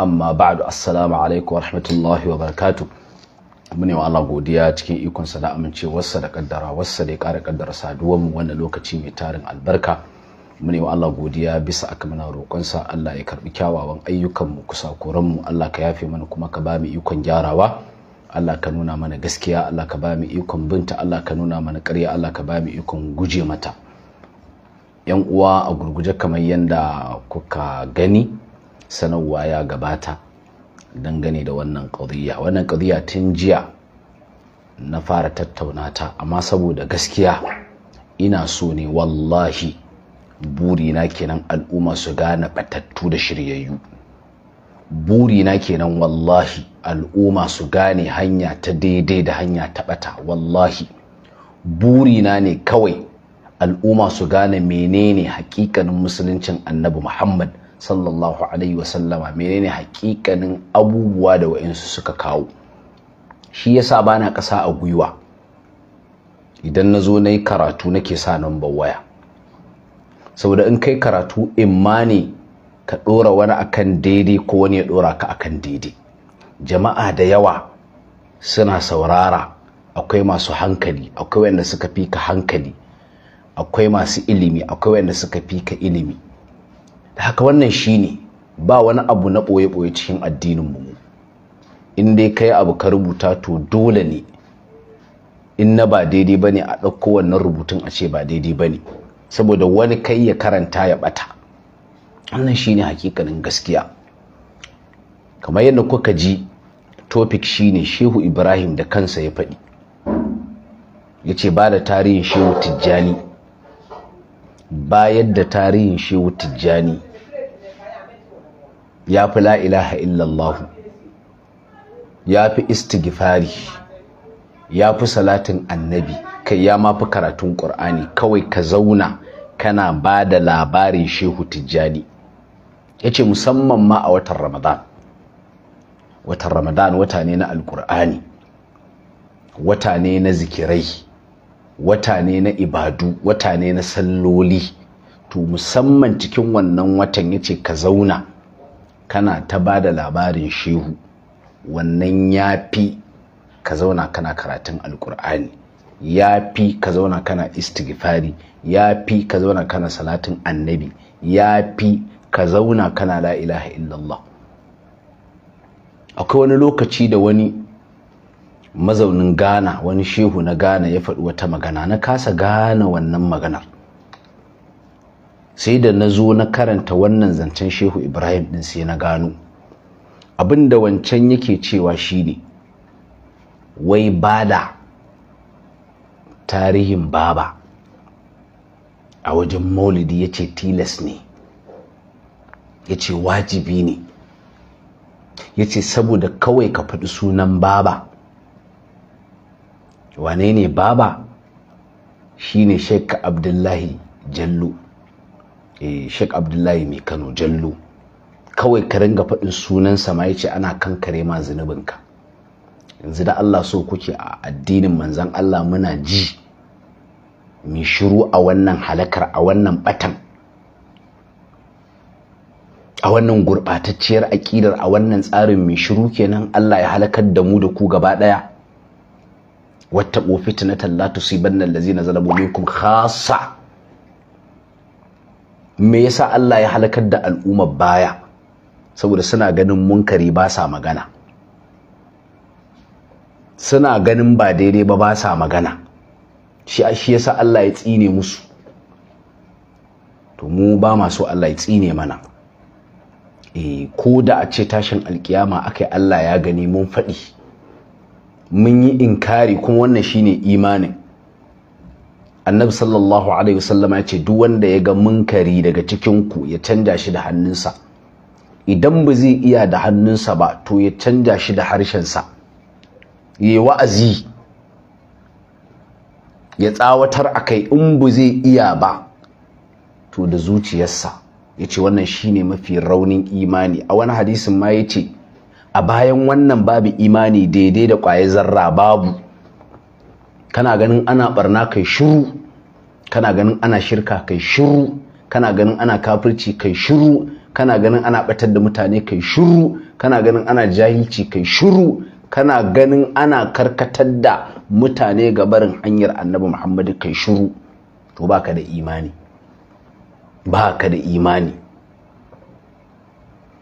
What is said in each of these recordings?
amma ba'du assalamu alaikum warahmatullahi wabarakatuh mune wa Allah godiya cikin ikon sa da amincewarsa da kaddara wasa da ya ƙara kaddara saduwar mu wannan lokaci mai tarin albarka mune wa Allah godiya bisa aka muna roƙon sa Allah ya karbi kyawawan ayyukan mu kusa koran mu Allah ka yafe mana kuma ka ba mu ikon gyarawa Allah ka nuna mana gaskiya Allah ka ba mu ikon binta Allah ka nuna mana ƙarya Allah ka ba mu ikon guje mata yan uwa a gurguje kamar yadda kuka gani sanarwa ya gabata dangane da wannan ƙadiyya wannan ƙadiyya tun jiya na fara tattauna ta amma saboda gaskiya ina so ne wallahi burina kenan al'umma su gane batattu da shiryayyu burina kenan wallahi al'umma su gane hanya ta daidai da hanya ta bata wallahi burina ne kawai al'umma su gane menene hakikanin musuluncin annabi muhammad sallallahu alaihi wasallama menene hakikanin abubuwa da wa'insu suka kawo shi yasa bana ƙasa a gwiwa idan na zo na yi karatu nake sa nambar waya saboda in kai karatu imma ne ka ɗora wani akan daidai ko wani ya dora ka akan daidai jama'a da yawa suna saurara akwai masu hankali akwai wanda suka fi ka hankali akwai masu ilimi akwai wanda suka fi ka ilimi haka wannan shine ba wani abu na ɓoye-ɓoye cikin addinin mu in dai kai abu ka rubuta to dole ne in na ba daidai ba ne a ɗauko wannan rubutun a ce ba daidai ba ne saboda wani kai ya karanta ya ɓata wannan shine hakikanin gaskiya kamar yadda kuka ji topic shine shehu ibrahim da kansa ya faɗi ya ce ba da tarihin shehu tijjani bayar da tarihin shehu tijjani ya fi la'ilaha ilaha illallah ya fi istighfari ya fi salatin annabi kai ya ma fi karatun ƙur'ani kawai ka zauna kana ba da labarin shehu tijjani ya ce musamman ma a watan ramadan watan ramadan wata ne na alkur'ani wata ne na zikirai wata ne na ibadu wata ne na salloli to musamman cikin wannan watan ya ce ka zauna kana ta ba da labarin shehu wannan ya fi ka zauna kana karatun alkur'ani ya fi ka zauna kana istighfari ya fi ka zauna kana salatin annabi ya fi ka zauna kana la ilaha illallah akwai wani lokaci da wani mazaunin ghana wani shehu na ghana ya faɗi wata magana na kasa gana wannan maganar sai da na zo na karanta wannan zancen shehu ibrahim din sai na gano abin da wancan yake cewa shine wai bada tarihin baba a wajen maulidi ya ce tilas ne ya ce wajibi ne ya ce saboda kawai ka faɗi sunan baba wane ne baba shine shekka abdullahi jallu Eh, Sheikh Abdullahi mai Kano Jallo kawai ka ringa faɗin sunansa ma yace ana kankare ma zunubinka yanzu da Allah so kuke a addinin manzon Allah muna ji mi shiru a wannan halakar a wannan batan a wannan gurɓatacciyar aƙidar a wannan tsarin mai shiru kenan Allah ya halakar da mu da ku gaba ɗaya na fitnatan la tusibanna lazina zalamu minkum khassa me yasa Allah ya halakar da al'ummar baya saboda suna ganin munkari ba sa magana suna ganin ba daidai ba ba sa magana shi shi yasa Allah ya tsine musu to mu ba ma Allah ya tsine mana eh ko da a ce tashin alkiyama akai Allah ya gani mun faɗi mun yi inkari kuma wannan shine imanin annabi sallallahu alaihi wasallama ya ce duk wanda ya ga munkari daga cikin ku ya canja shi da hannunsa idan ba zai iya da hannunsa ba to ya canja shi da harshensa ya yi wa'azi ya tsawatar a kai in ba zai iya ba to da zuciyarsa ya ce wannan shi ne mafi raunin imani a wani hadisin ma ya ce a bayan wannan babu imani daidai da kwaye zarra babu kana ganin ana barna kai shiru kana ganin ana shirka kai shiru kana ganin ana kafirci kai shiru kana ganin ana batar da mutane kai shiru kana ganin ana jahilci kai shiru kana ganin ana karkatar da mutane ga barin hanyar annabi muhammadu kai shiru to baka da imani baka da imani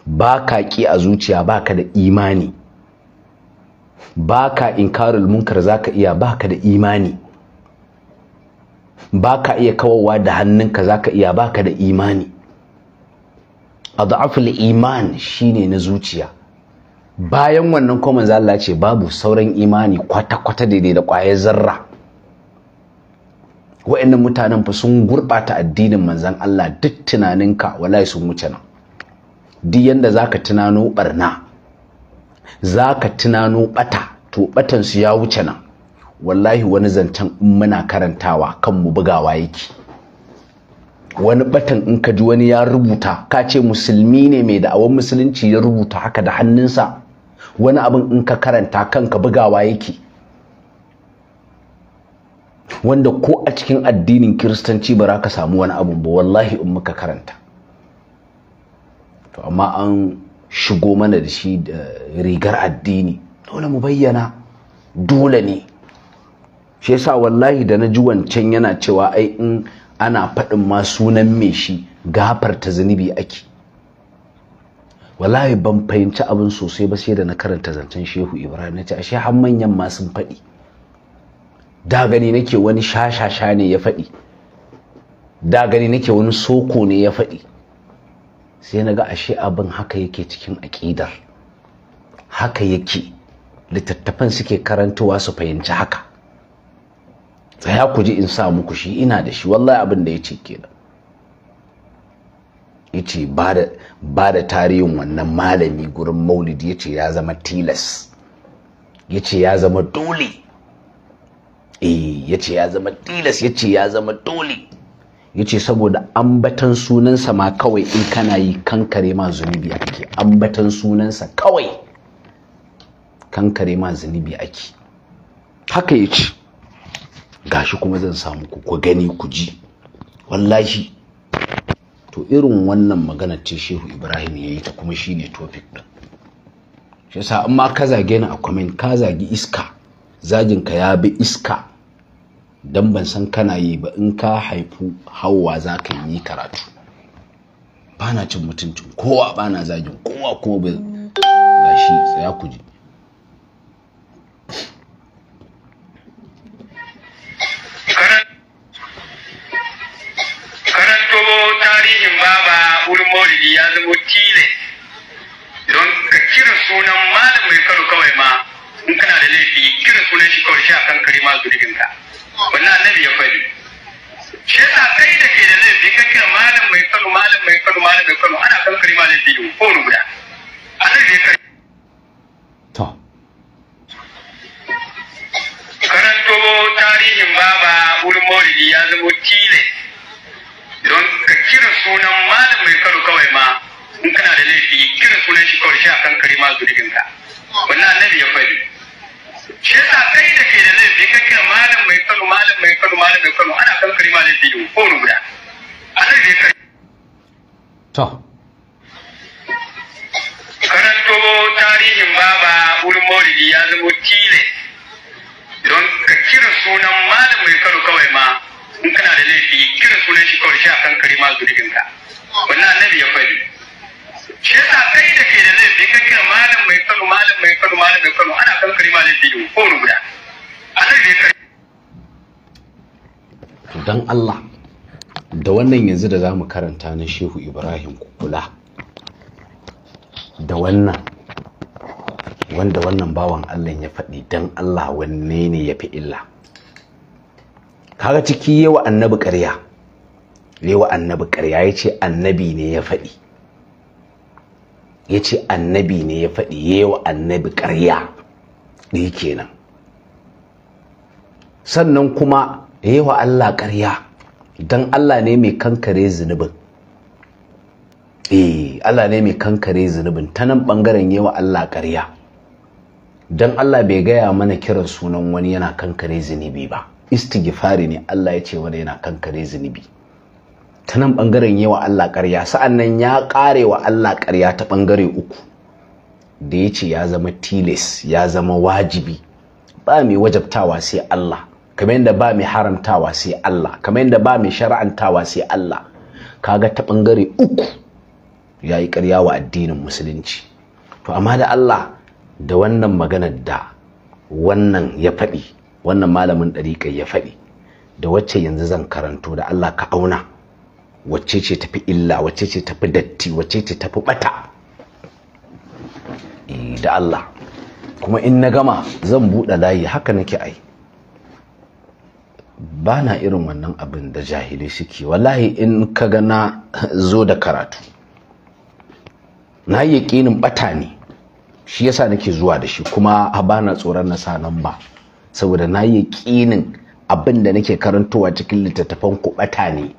baka ki a zuciya baka da imani Ba baka inkarul munkar ka iya baka da imani Ba ka iya kawowa da hannunka za ka iya baka da imani A adhaful iman shine na zuciya bayan wannan kuma manzo ce babu sauran imani kwata kwata daidai da ƙwayar zarra wa'annan mutanen fa sun gurɓata addinin manzan Allah duk tunaninka wallahi sun wuce nan duk yanda zaka tunano barna za ka tunano ɓata to ɓatansu ya wuce nan wallahi wani zancen in muna karantawa kan mu bugawa yake wani batan in ka ji wani ya rubuta ka ce musulmi ne mai da da'awar musulunci ya rubuta haka da hannunsa wani abin in ka karanta kanka bugawa yake wanda ko a cikin addinin kiristanci ba ka samu wani abu ba wallahi in muka karanta to amma an shigo mana da shi da rigar addini dole mu bayyana dole ne shi yasa wallahi da na ji wancan yana cewa ai in ana faɗin ma sunan mai shi gafarta zunubi ake wallahi ban fahimci abin sosai ba sai da na karanta zancen shehu ibrahim na ce ashe har manyan ma sun faɗi da gani nake wani shashasha ne ya faɗi da gani nake wani soko ne ya faɗi sai na ga ashe abin haka yake cikin aƙidar haka yake littattafan suke karantowa su fahimci haka tsaya ku ji in sa muku shi ina da shi wallahi abin da ya ce kenan ya ce ba da tarihin wannan malami gurin maulidi ya ce ya zama tilas ya ce ya zama dole eh ya ce ya zama tilas ya ce ya zama dole yace saboda ambatan sunansa ma kawai in kana yi kankare ma zunubi ake ambatan sunansa kawai kankare ma zunubi ake haka yace gashi kuma zan samu ku ku gani ku ji wallahi to irin wannan magana ce Shehu Ibrahim yi ta kuma shine topic ɗin shi yasa in ma ka zage ni a comment ka zagi iska zagin ka ya bi iska don ban san kana yi ba in ka haifu hawa za ka yi karatu bana cin mutuncin kowa bana zagin kowa ko ba gashi tsaya ku ji karanto tarihin baba wurin maulidi ya zama tilas don ka kira sunan Malamin karo kawai ma in kana da laifi kira sunan shi kawai shi a kan kare ma zurgin ka wannan annabi ya faɗi shi yasa kai da ke da laifi ka kira malam mai kano malam mai kano malam mai kano ana kan kare ma laifi yau ko wani guda annabi ya kare to karanto tarihin baba wurin maulidi ya zama tile don ka kira sunan malam mai kano kawai ma in kana da laifi kira sunan shi kawai shi a kan kare ma zurgin ka wannan annabi ya faɗi shi yasa kai da ke da laifi ka kake malam mai kano malam mai kano malam mai kano ana kan kalima laifi yau ko guda a laifi kai to karanto tarihin baba wurin maulidi ya zama tile don ka kira sunan malam mai kano kawai ma in kana da laifi kira sunan shi kawai shi a kan kalima zurgin ka wannan annabi ya faɗi shi yasa kai da ke da laifi ka kira malam mai kano malam mai kano malam mai kano ana kan kari malam biyu ko a annabi ya to dan Allah da wannan yanzu da za mu karanta na Shehu Ibrahim Kukula, da wannan wanda wannan bawan Allah ya faɗi dan Allah wanne ne ya fi illa kaga ciki yawa annabi ƙarya yawa annabi ƙarya ya ce annabi ne ya faɗi ya ce annabi ne ya faɗi ya wa annabi ƙarya ɗaya kenan sannan kuma ya wa Allah ƙarya don Allah ne mai kankare zunubin eh, Allah ne mai kankare zunubin ta nan ɓangaren ya wa Allah ƙarya don Allah bai gaya mana kiran sunan wani yana kankare zunubi ba istigifari ne Allah ya ce wani yana kankare zunubi ta nan ɓangaren yawa Allah ƙarya sa'an nan ya ƙare wa Allah ƙarya ta ɓangare uku da ya ce ya zama tilis ya zama wajibi ba mai wajabtawa sai Allah kamar yadda ba mai haramtawa sai Allah kamar yadda ba mai shara'antawa sai Allah kaga ta ɓangare uku ya yi ƙarya wa addinin musulunci to amma da Allah da wannan maganar da wannan ya faɗi wannan malamin ɗariƙar ya faɗi da wacce yanzu zan karanto da Allah ka auna wacce ce tafi illa wacce ce tafi datti wacce ce tafi bata eh, da Allah kuma in na gama zan buɗe layi haka nake ai ba na irin wannan abin da jahilai suke wallahi in ka ga na zo da karatu na yi yaƙinin bata ne shi yasa nake zuwa da shi kuma ba na tsoron na sa nan ba saboda na yi yaƙinin abin da nake karantowa cikin littattafan ku bata ne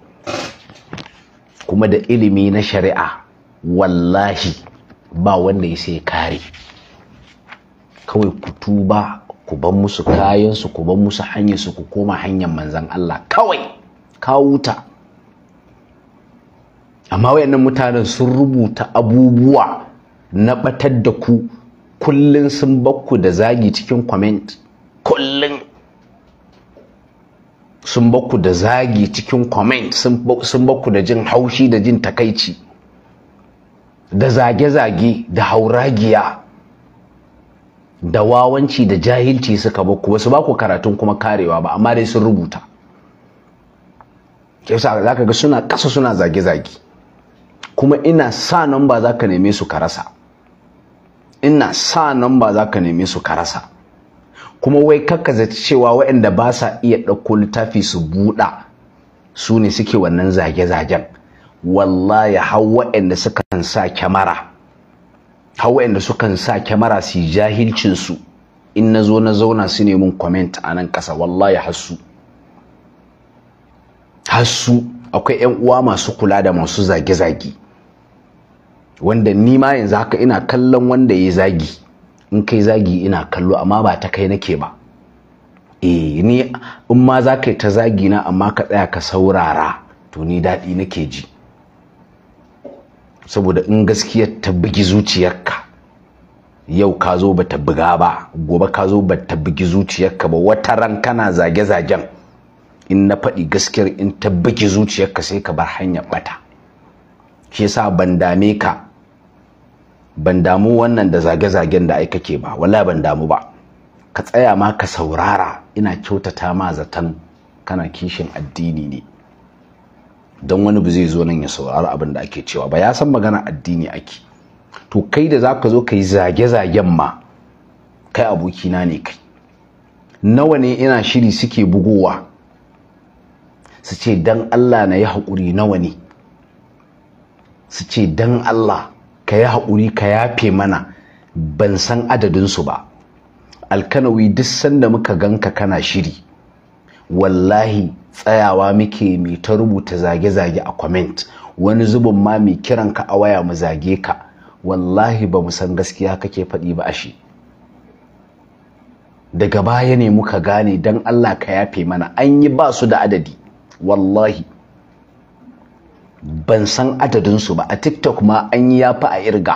kuma da ilimi na shari'a wallahi ba wanda ya sai kare kawai ku tuba ku ban musu kayansu ku ban musu hanyarsu ku koma hanyar manzan Allah kawai kawuta amma wayannan mutanen sun rubuta abubuwa na batar da ku kullun sun bakku da zagi cikin comment kullun sun baku da zagi cikin comment sun baku da jin haushi da jin takaici da zage-zage da hauragiya da wawanci da jahilci suka baku wasu baku karatun kuma karewa ba amma dai sun rubuta yasa za ka ga suna ƙasa suna zage-zage kuma ina sa nan ba za ka neme su ka rasa ina sa nan ba za ka neme su ka rasa kuma wai kakkaza cewa waɗanda ba sa iya ɗauko littafi su buɗa su ne suke wannan zage-zagen wallahi har waɗanda sukan sa kyamara har waɗanda sukan sa kyamara su yi jahilcinsu, in na zo na zauna su ne mun comment a nan ƙasa wallahi hassu hassu akwai 'yan uwa masu kula da masu zage-zage wanda ni ma yanzu haka ina kallon wanda ya zagi in kai zagi ina kallo amma ba ta kai nake ba eh ni in ma za ka yi ta zagi na amma ka tsaya ka saurara to ni daɗi nake ji saboda in gaskiya ta bugi zuciyarka yau ka zo ba ta buga ba gobe ka zo ba ta bugi zuciyarka ba wata ran kana zage-zagen in na faɗi gaskiyar in ta bugi zuciyarka sai ka bar hanyar bata shi yasa ban dame ka ban damu wannan da zage-zagen da ai kake ba Wala ban damu ba ka tsaya ma ka saurara ina kyautata ma zaton kana kishin addini ne don wani ba zai zo nan ya saurara abin da ake cewa ba ya san magana addini ake to kai da za ka zo ka yi zage-zagen ma kai abokina ne kai nawa ne ina shiri suke bugowa su ce don allah na yi haƙuri nawa ne su ce don allah ka yi haƙuri ka yafe mana ban san adadinsu ba alkanawi duk sanda muka ganka kana shiri wallahi tsayawa muke mai ta rubuta zage-zage a kwament, wani zubin ma mai kiran ka a waya mu zage ka wallahi ba mu san gaskiya kake faɗi ba a shi. daga baya ne muka gane don allah ka yafe mana an yi ba su da adadi wallahi ban san adadinsu ba a tiktok ma an yi yafi a irga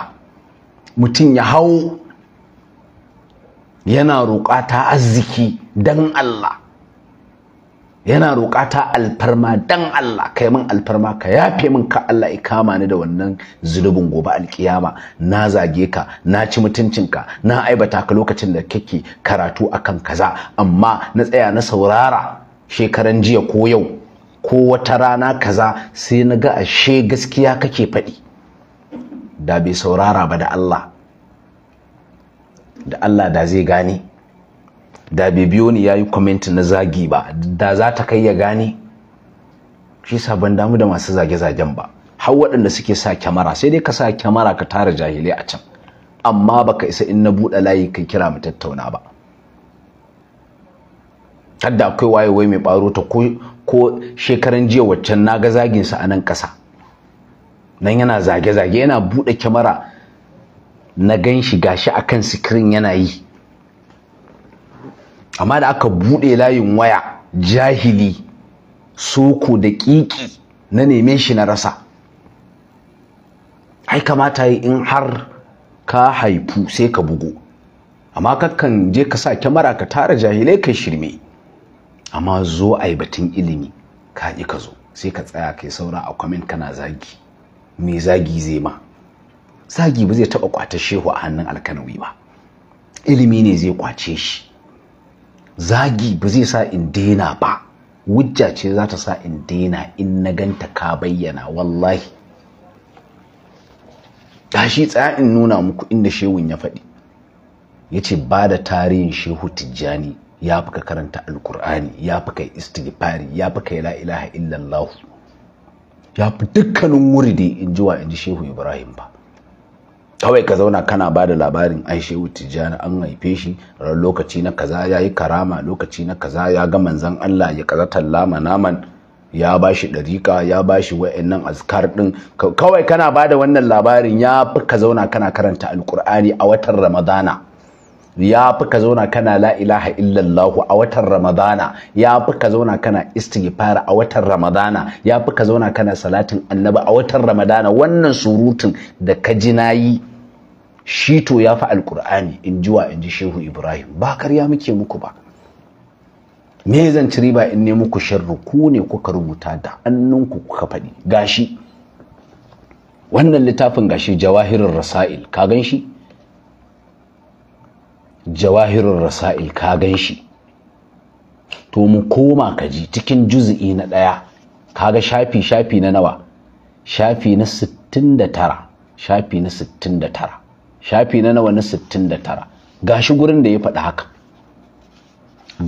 mutum ya hau yana roƙa arziki dan Allah yana roƙa alfarma dan Allah Ka kai min alfarma ka yafe min ka Allah ya kama ni da wannan zunubin gobe alkiyama na zage ka na ci mutuncinka na aibata ka lokacin da kake karatu akan kaza amma na tsaya na saurara shekaran jiya ko yau ko wata rana kaza sai na ga ashe gaskiya kake faɗi da bai saurara ba da Allah da Allah da zai gane da bai biyo ni yayi comment na zagi ba da za ta kai ya gane shi ban damu da masu zage-zagen ba har waɗanda suke sa kyamara sai dai ka sa kyamara ka tara jahilai a can amma baka isa in na buɗe layi kai kira mu tattauna ba da akwai waye mai baro ta ko shekaran jiya waccan naga zagin sa a nan ƙasa nan yana zage zage yana bude kyamara na gan shi gashi akan sikirin yana yi amma da aka bude layin waya jahili soko da kiki na neme shi na rasa ai kamata yi in har ka haifu sai ka bugu amma kakan je ka sa kyamara ka tara jahilai ka shirme amma zo a yi batun ilimi ka ƙi ka zo sai ka tsaya kai saura a kwamin kana zagi mai zagi zai ma zagi ba zai taɓa kwata shehu a hannun alkanawi ba ilimi ne zai kwace shi zagi ba zai sa in daina ba wujja ce za ta sa in daina in na ganta ka bayyana wallahi tashi tsaya in nuna muku inda shehun ya faɗi ya ce ba da tarihin shehu tijjani ya fi ka karanta alkur'ani ya fi ka istighfari ya fi ka la ilaha illallah ya fi dukkanin muridi in ji wa in ji shehu ibrahim ba kawai ka zauna kana ba da labarin ai shehu tijjani an haife shi lokaci na kaza ya yi karama lokaci na kaza ya ga manzan allah ya kaza tallama naman ya ba shi ɗarika, ya ba shi wa'annan azkar ɗin kawai kana ba da wannan labarin ya fi ka zauna kana karanta alkur'ani a watan ramadana ya fi ka zauna kana la ilaha illallahu a watan ramadana ya fi ka zauna kana istighfar a watan ramadana ya fi ka zauna kana salatin annabi a watan ramadana wannan surutun da ka ji nayi shi to ya fi alkur'ani in ji wa in ji shehu ibrahim ba karya muke muku ba me zan ci riba in ne muku sharru ku ne kuka rubuta da hannunku kuka faɗi gashi wannan littafin gashi jawahirin rasa'il ka gan shi jawahirun rasa'il ka gan shi to mu koma ka ji cikin juzi'i na ɗaya kaga shafi shafi na nawa shafi na 69 shafi na 69 shafi na nawa na 69 gashi gurin da ya faɗi haka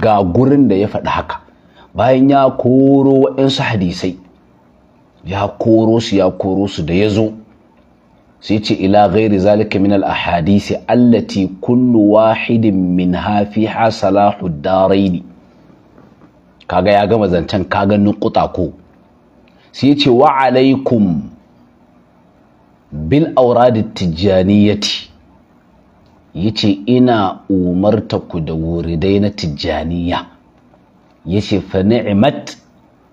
ga gurin da ya faɗi haka bayan ya koro waɗansu hadisai ya koro su ya koro su da ya zo sai ce ila ghairi zalika min al-ahadisi allati kullu wahidin min hafi hasalahu daraini kaga ya gama zancen kaga nukuta ko sai ce wa alaikum bil auradi tijaniyati yace ina umarta ku da wuridai na tijjaniya yace fa ni'mat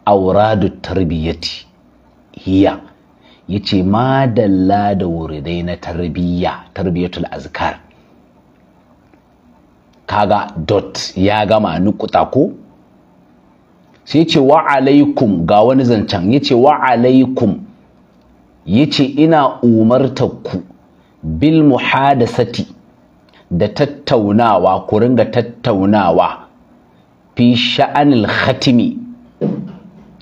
auradu tarbiyati hiya ya ce ma da wuridai na tarbiyya Tarbiyyatul azkar kaga dot ya gama nukuta ko sai ce wa alaikum ga wani zancen ya ce wa alaikum ya ce ina umartarku bil muhadasati da tattaunawa ku ringa tattaunawa fi sha'anil khatimi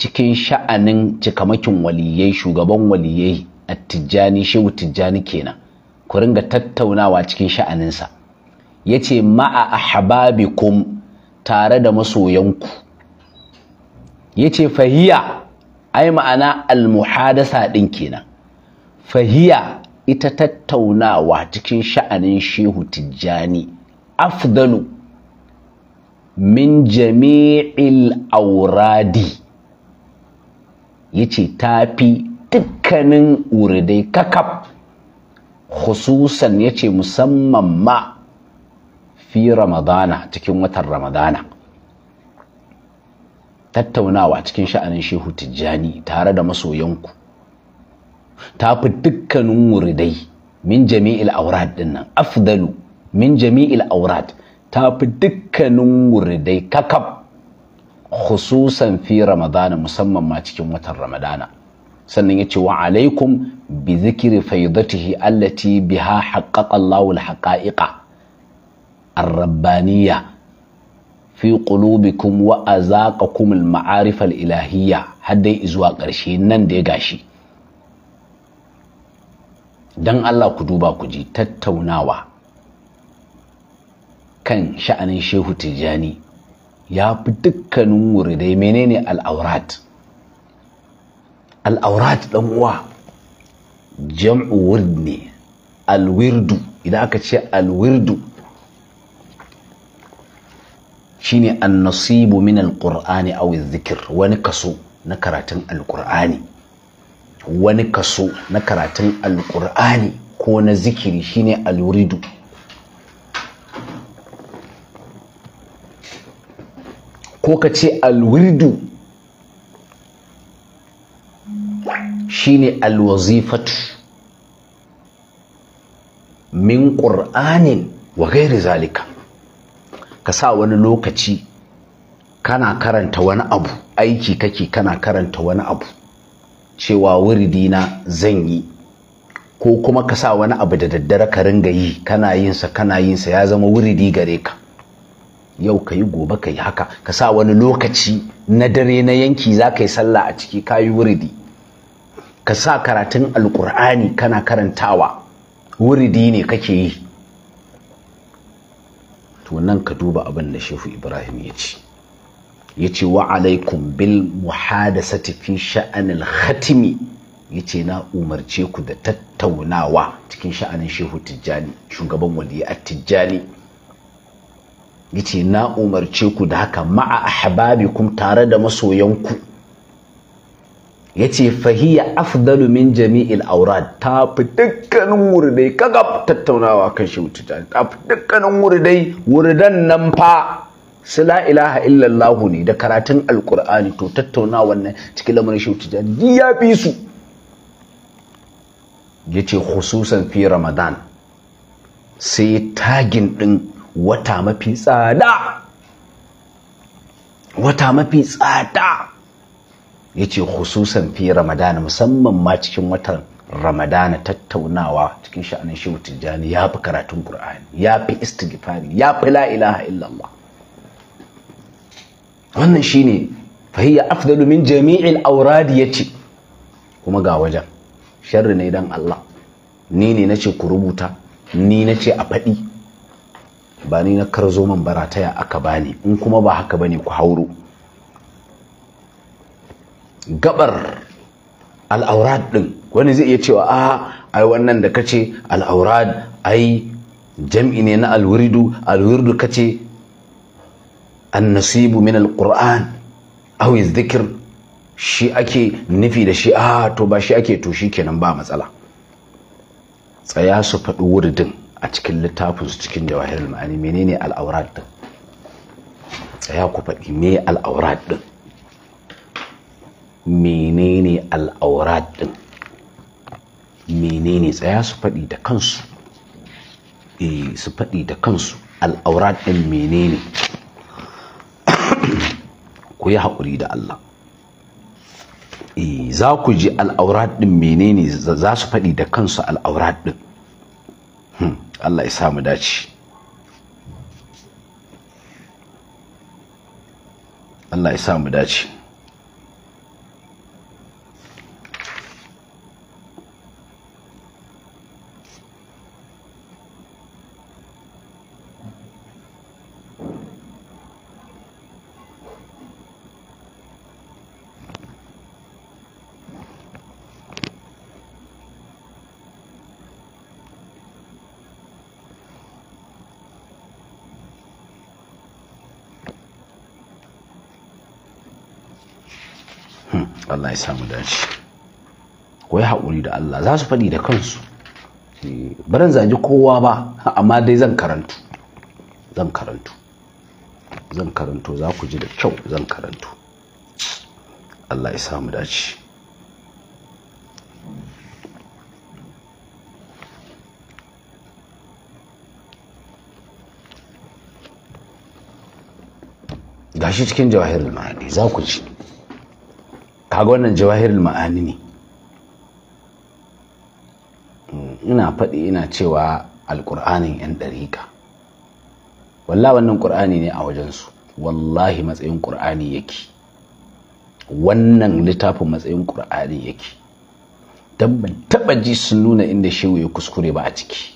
cikin sha'anin cikamakin waliyai shugaban waliyai a tijjani shehu tijjani kenan ku ringa tattaunawa cikin sha'aninsa ya ce ma'a ahbabikum tare da masoyanku ya ce fahiya ai ma'ana almuhadasa din kenan fahiya ita tattaunawa cikin sha'anin shehu tijjani afdalu min jami'il auradi ya ce ta fi dukkanin uridai kakaf khususan ya ce musamman ma fi ramadana cikin watan ramadana tattaunawa cikin sha'anin shehu tijjani tare da masoyanku ta fi dukkanin muridai min jami'il aurad dinnan afdalu min jami'il aurad ta fi dukkanin muridai kakab khususan fi ramadana musamman ma cikin watan ramadana sannan ya ce wa alaikum bi zikiri faidatihi allati biha haqqaqa Allahu al-haqa'iqa ar fi qulubikum wa azaqakum al-ma'arif al-ilahiyya har dai zuwa ƙarshe nan da ya gashi dan Allah ku duba ku ji tattaunawa kan sha'anin Shehu Tijjani ya fi dukkanin wuridai menene al'aurat al'aurat ɗan uwa jam'u wurd ne alwirdu idan aka ce alwirdu shine nasibu min alqur'ani aw zikir wani kaso na karatun alqur'ani wani kaso na karatun alqur'ani ko na zikiri shine alwirdu ko ka ce alwirdu shine alwazifatu min ƙur'anin wa gairi zalika ka sa wani lokaci kana karanta wani abu aiki kake kana karanta wani abu cewa wuridina zan yi ko kuma ka sa wani abu da daddare ka ringa yi kana yinsa kana yinsa ya zama wuridi gare ka yau ka yi gobe ka yi haka ka sa wani lokaci na dare na yanki za ka yi sallah a ciki ka yi wuridi ka sa karatun alkur'ani kana karantawa wuridi ne kake yi to nan ka duba abin da shehu ibrahim ya ce ya ce wa alaikum bil muhadasati fi sha'anil khatimi ya ce na umarce ku da tattaunawa cikin sha'anin shehu tijjani shugaban waliyyar tijjani yace na umarce ku da haka ma'a ahbabikum tare da masoyanku yace fahiya afdalu min jami'il aurad ta fi dukkanin wurdai kaga tattaunawa kan shi ta fi dukkanin wurdai wurdan nan fa su la ilaha illallahu ne da karatun alkur'ani to tattaunawa nan cikin lamarin shi ta ya fi su yace khususan fi ramadan sai tagin din wata mafi tsada wata mafi tsada ya ce hususan fi ramadana musamman ma cikin watan ramadana tattaunawa cikin sha'anin shehu tijjani ya fi karatun Kur'ani. ya fi istighfari ya fi la ilaha illallah wannan shine fahiyya afdalu min jami'in auradi ce. kuma ga wajen sharri ne dan Allah ni ne na ce ku rubuta ni na ce a faɗi ba ni na karzo man barataya aka bani in kuma ba haka bane ku hauro gabar al'aurad din wani zai iya cewa a ah, ai wannan da kace al'aurad ai jam'i ne na alwirdu alwirdu kace annasibu min alquran aw zikir shi ake nufi da shi a ah, to ba shi ake to kenan ba matsala tsaya su faɗi wurdin a cikin littafin su cikin jawahirul ma'ani menene al'aurat din ya ku faɗi me al'aurat din menene al'aurat din menene tsaya su faɗi da kansu eh su faɗi da kansu al'aurat din menene ku yi haƙuri da Allah eh za ku ji al'aurat din menene za su faɗi da kansu al'aurat din hmm. Allah ya samu dace Allah ya samu dace ya samu dace ko yi haƙuri da Allah za su faɗi da kansu baran zaji kowa ba amma dai zan karantu zan karantu zan karanto za ku ji da kyau zan karantu Allah ya samu dace gashi cikin jawahirul ma'ani za ku ji kaga wannan jawahirul ma'ani ne ina faɗi ina cewa alƙur'anin 'yan ɗariƙa walla wannan ƙur'ani ne a wajensu wallahi matsayin ƙur'ani yake wannan littafin matsayin ƙur'ani yake don ban ji sun nuna inda shehu ya kuskure ba a ciki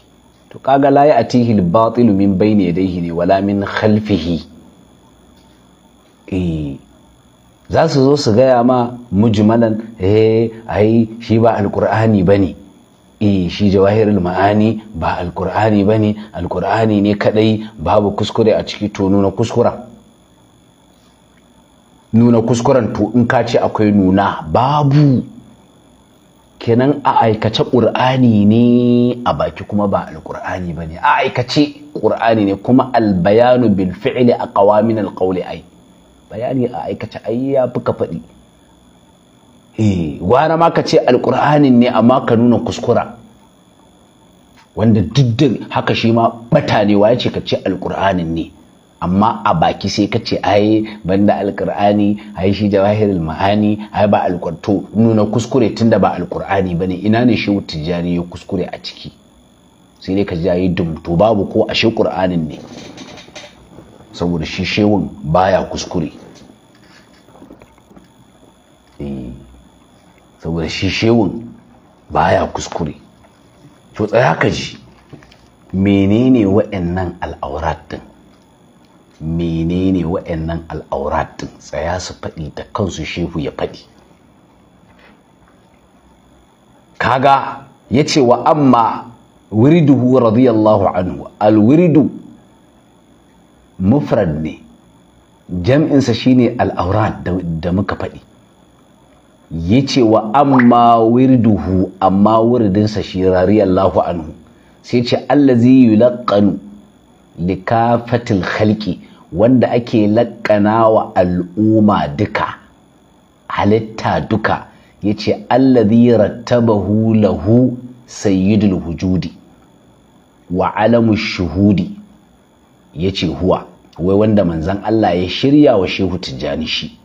to kaga la ya atihi batilu min bayni yadayhi ne wala min khalfihi eh za su zo su gaya ma mujmalan he eh, ai shi ba alkur'ani ba ne eh shi jawahirul ma'ani ba alkur'ani ba ne alkur'ani ne kadai babu kuskure a ciki to nuna kuskura nuna kuskuren to in ka ce akwai nuna babu kenan a aikace ƙur'ani ne a baki kuma ba alƙur'ani ba ne a aikace ƙur'ani ne kuma albayanu bil fi'li a ƙawamin alƙauli ai bayani a aikace ai ya fuka ka faɗi eh gwara ma ka ce alƙur'anin ne amma ka nuna kuskura wanda duk haka shi ma bata ne waye ce ka ce alƙur'anin ne amma a baki sai ka ce ai banda alƙur'ani ai shi jawahirul ma'ani ai ba alƙurto nuna kuskure tunda ba alƙur'ani bane ina ne shi tijjani ya kuskure a ciki sai dai ka ji yayi dumto babu ko ashe ƙur'anin ne saboda shi shewun baya kuskure eh, saboda shi shewun baya kuskure to tsaya ka ji menene wa'annan al'aurat menene wa'annan al'aurat tsaya su faɗi da kansu shehu ya faɗi kaga ya ce wa amma wuridu radiyallahu anhu al mufrad ne jam'insa shine al'aurat da muka faɗi ya ce wa amma wirduhu amma wirdinsa shi rariyallahu anhu sai ce allazi yulaqqanu likafatil khalqi wanda ake laƙana wa al'umma duka halitta duka ya ce allazi rattabahu lahu sayyidul hujudi wa alamu shuhudi ya ce huwa wai wanda manzan Allah ya shirya wa shehu tijjani shi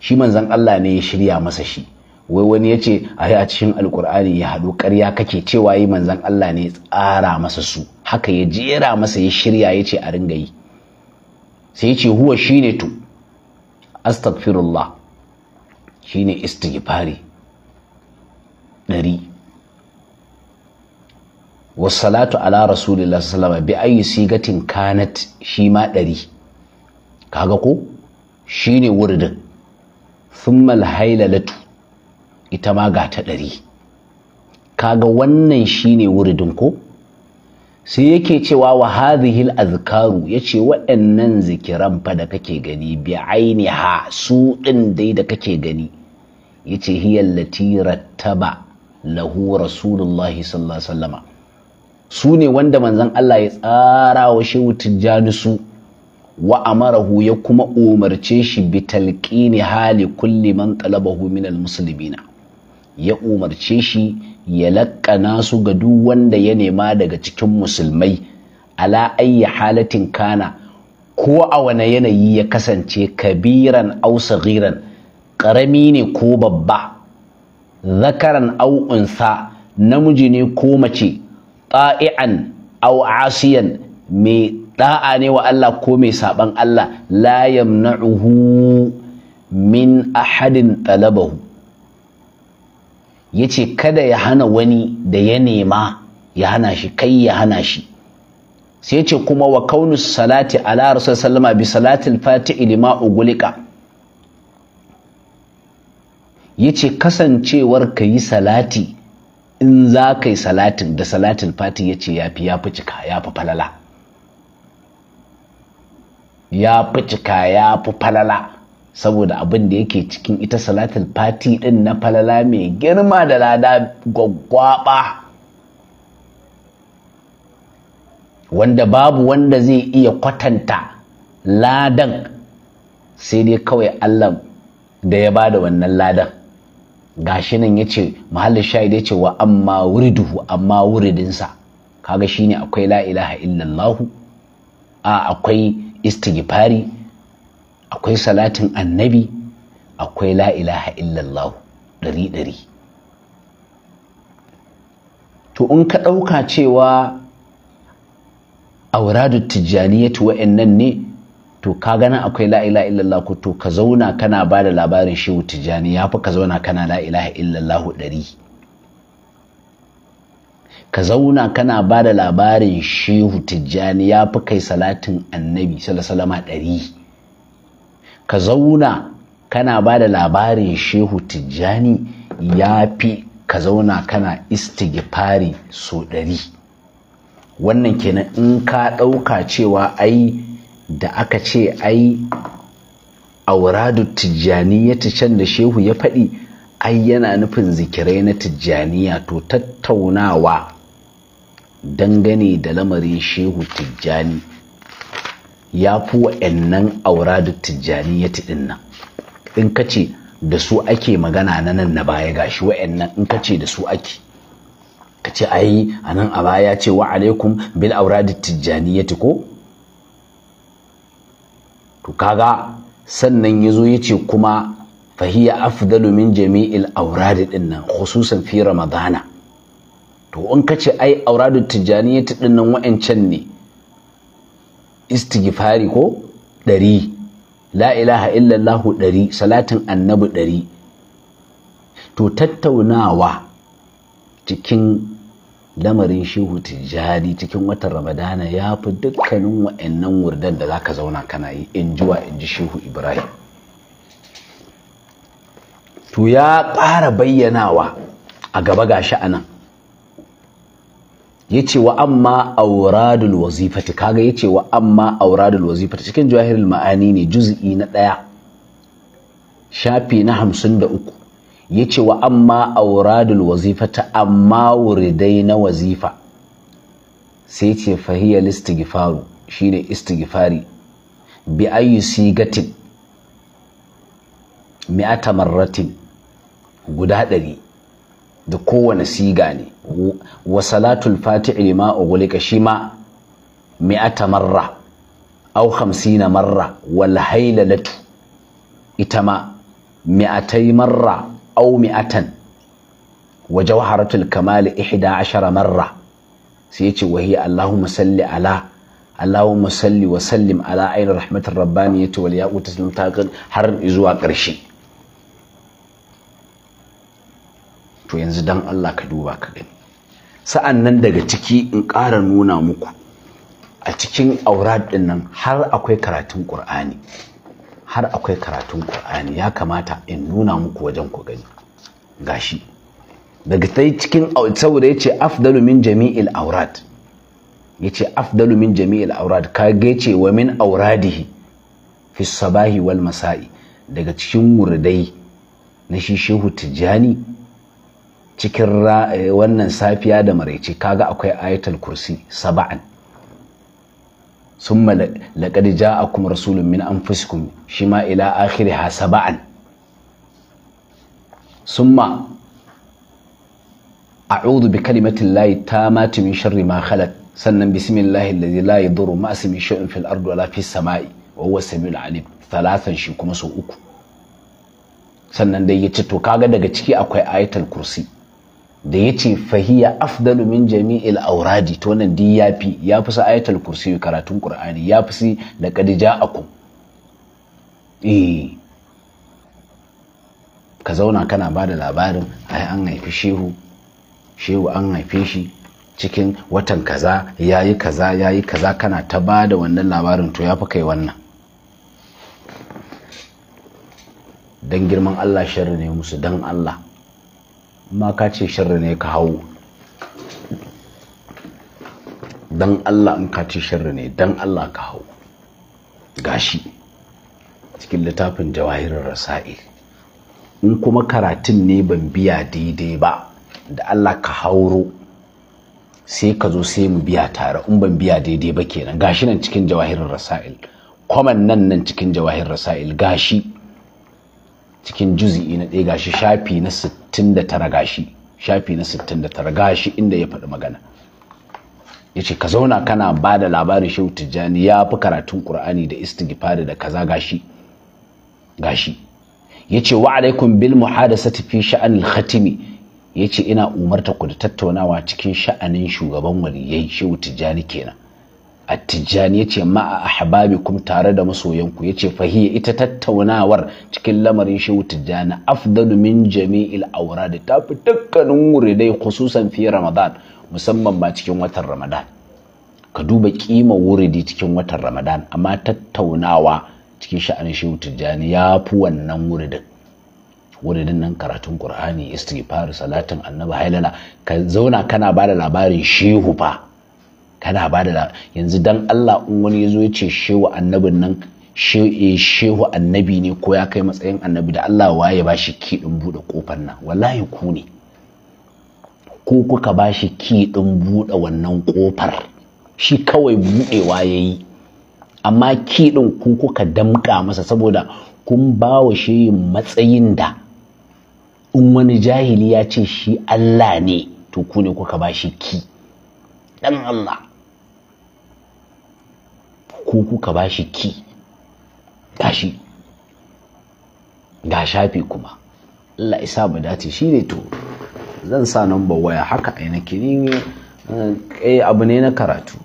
shi manzan Allah ne ya shirya masa shi wai wani ya ce a yi a cikin alkur'ani ya haɗu ƙarya kake cewa yi manzan Allah ne ya tsara masa su haka ya jera masa ya shirya ya ce a ringa yi sai ya ce huwa shi ne to astaghfirullah shi ne istighfari ɗari wasalatu ala rasulillah sallama bi ayi sigatin kanat shi ma ɗari kaga ko shi ne wuridin thummal hailalatu ita ma ga ta ɗari kaga wannan shi ne wuridin ko sai yake cewa wa hadhihi azkaru yace waɗannan zikiran fa da kake gani bi ainiha su ɗin dai da kake gani yace hiya allati rattaba lahu rasulullahi sallallahu alaihi wasallam su ne wanda manzan Allah ya tsara wa shehu janisu su wa amarahu ya kuma umarce shi bi talqini hali kulli man talabahu min almuslimina ya umarce shi ya laƙana nasu ga duk wanda ya nema daga cikin musulmai ala ayyi halatin kana ko a wane yanayi ya kasance kabiran au saghiran ƙarami ne ko babba zakaran au'un unsa namiji ne ko mace ta'i'an aw asiyan mai da'a ne wa Allah ko mai saɓan Allah la yamna'uhu min ahadin talabahu yace kada ya hana wani da ya nema ya hana shi kai ya hana shi sai yace kuma wa kaunus salati ala rasul sallama bi salatil fati'i lima ugulika yace kasancewar ka yi salati in za ka yi salatin da salatin fati ya ce ya fi ya fi cika ya fi falala ya fi cika ya fi falala saboda abin da yake cikin ita salatin fati din na falala mai girma da lada gwaggwaba wanda babu wanda zai iya kwatanta ladan sai dai kawai allah da ya bada wannan ladan gashi nan yace mahallin shahid yace wa amma wuriduhu amma wuridinsa kaga shine akwai la ilaha illallah a akwai istighfari akwai salatin annabi akwai la ilaha illallah dari dari to in ka ɗauka cewa auradu tijaniyatu wa'annan ne to ka gana akwai la ilaha illallah ko to ka zauna kana ba da labarin shehu tijjani ya fi ka zauna kana la ilaha illallah ɗari ka zauna kana ba da labarin shehu tijjani ya fi kai salatin annabi salasalama ɗari ka zauna kana ba da labarin shehu tijjani ya fi ka zauna kana istighfari so ɗari wannan kenan in ka ɗauka cewa ai da aka ce ai auradu tijjaniya can da shehu ya faɗi ai yana nufin zikirai na tijjaniya to tattaunawa dangane da lamarin shehu tijjani ya fi wa'annan auradu tijjaniya ɗin nan in ka ce da su ake magana na nan na baya gashi wa'annan in ka ce da su ake ka ce ai a nan a baya ce wa alaikum bil auradu tijjaniyati ko to kaga sannan ya zo ya ce kuma fahiya afdalu min jami'il auradi din nan khususan fi ramadana to in ka ce ai auradu tijaniyyati din nan wa'ancan ne istighfari ko ɗari la ilaha illallahu ɗari salatin annabi ɗari to tattaunawa cikin lamarin shehu tijjani cikin watan ramadana ya fi dukkanin wa'annan wurdan da za ka zauna kana yi in ji wa in ji shehu ibrahim to ya ƙara bayyanawa a gaba ga sha'anan ya ce wa amma auradul wazifati kaga ya ce wa amma auradul wazifati cikin jawahirul ma'ani ne juz'i na ɗaya shafi na hamsin da uku ya ce wa amma auradul ta amma wuridai na wazifa sai ce fahiyar istighfaru shine istigifari bi gatin. sigatin mi'ata marratin guda ɗari da kowane siga ne wa salatul fati'i lima ugulika shi ma mi'ata marra au hamsina marra wal hailalatu ita ma mi'atai marra aw mi'atan wa jawharatul kamal 11 marra sai yace wa hiya allahumma salli ala allahumma salli wa sallim ala ayni rahmatir rabbaniyati wal yaqut taslim taqan har zuwa ƙarshe to yanzu dan Allah ka duba ka gani sa'an nan daga ciki in ƙara nuna muku a cikin aurat ɗin har akwai karatun ƙur'ani har akwai karatun ƙur'ani ya kamata in nuna muku wajen ku gani gashi daga ta cikin saboda ya ce afdalu min jami'il aurat ya ce afdalu min jami'il aurat ka gece wa min auradihi fi sabahi wal masa'i daga cikin wurdai na shi shehu tijjani cikin eh, wannan safiya da maraice kaga akwai ayatul kursi saba'an summa laqad ja'akum rasulun min anfusikum shima ila akhiriha sab'an summa a'udhu bi kalimati llahi tamati min sharri ma khalat sannan bismillahi alladhi la yadurru ma ismi shay'in fil ardi wala fis samai wa huwa samiul alim thalathan shi kuma sau uku sannan dai yace to kaga daga ciki akwai ayatul kursi da ya ce fahiya afdalu min jami'il auradi to nan di ya fi ya fi karatun qur'ani ya fi si da qad aku. eh ka zauna kana ba da labarin ai an haifi shehu shehu an haife shi cikin watan kaza yayi kaza yayi kaza kana ta ba da wannan labarin to ya fi kai wannan dan girman Allah sharri ne musu dan Allah ma ka ce shirri ne ka hau don Allah in ka ce shirri ne don Allah ka hau gashi cikin littafin jawahirin rasa'il in kuma karatun ne ban biya daidai ba da Allah ka hauro sai ka zo sai mu biya tare in ban biya daidai ba kenan gashi nan cikin jawahirin rasa'il kwaman nan nan cikin jawahirin rasa'il gashi cikin juzi'i na ɗaya gashi shafi na 69 gashi shafi na 69 gashi inda ya faɗi magana ya ce ka zauna kana ba da labarin shehu tijjani ya fi karatun ƙur'ani da istighfari da kaza gashi gashi ya ce wa alaikum bil muhadasati fi sha'anil khatimi ya ce ina umarta ku da tattaunawa cikin sha'anin shugaban waliyai shehu tijjani kenan attijani yace ma'a kum tare da masoyanku yace fahiya ita tattaunawar cikin lamarin shehu tijjani afdalu min jami'il awrad ta fi dukkanin wuridai khususan fi ramadan musamman ba cikin watan ramadan ka duba kima wuridi cikin watan ramadan amma tattaunawa cikin sha'anin shehu tijjani ya fi wannan wuridin wuridin nan karatun qur'ani istighfar salatin annabi hailala ka zauna kana da labarin shehu fa kana ba da yanzu dan Allah in wani ya zo ya ce shehu annabin nan eh, shehu annabi ne ko ya kai matsayin annabi da Allah waye ba shi ki ɗin buɗe ƙofar nan wallahi ku ne ko kuka ba shi ki buɗe wannan ƙofar? shi kawai buɗewa ya yi amma ki ɗin ku kuka damƙa masa saboda kun ba wa shehi matsayin da in wani jahili ya ce shi Allah ne to ku ne kuka ba shi ki dan Allah ko kuka ba shi ki gashi ga shafi kuma Allah isa mu dace shi ne to zan sa number waya haka ai na kini eh abu ne na karatu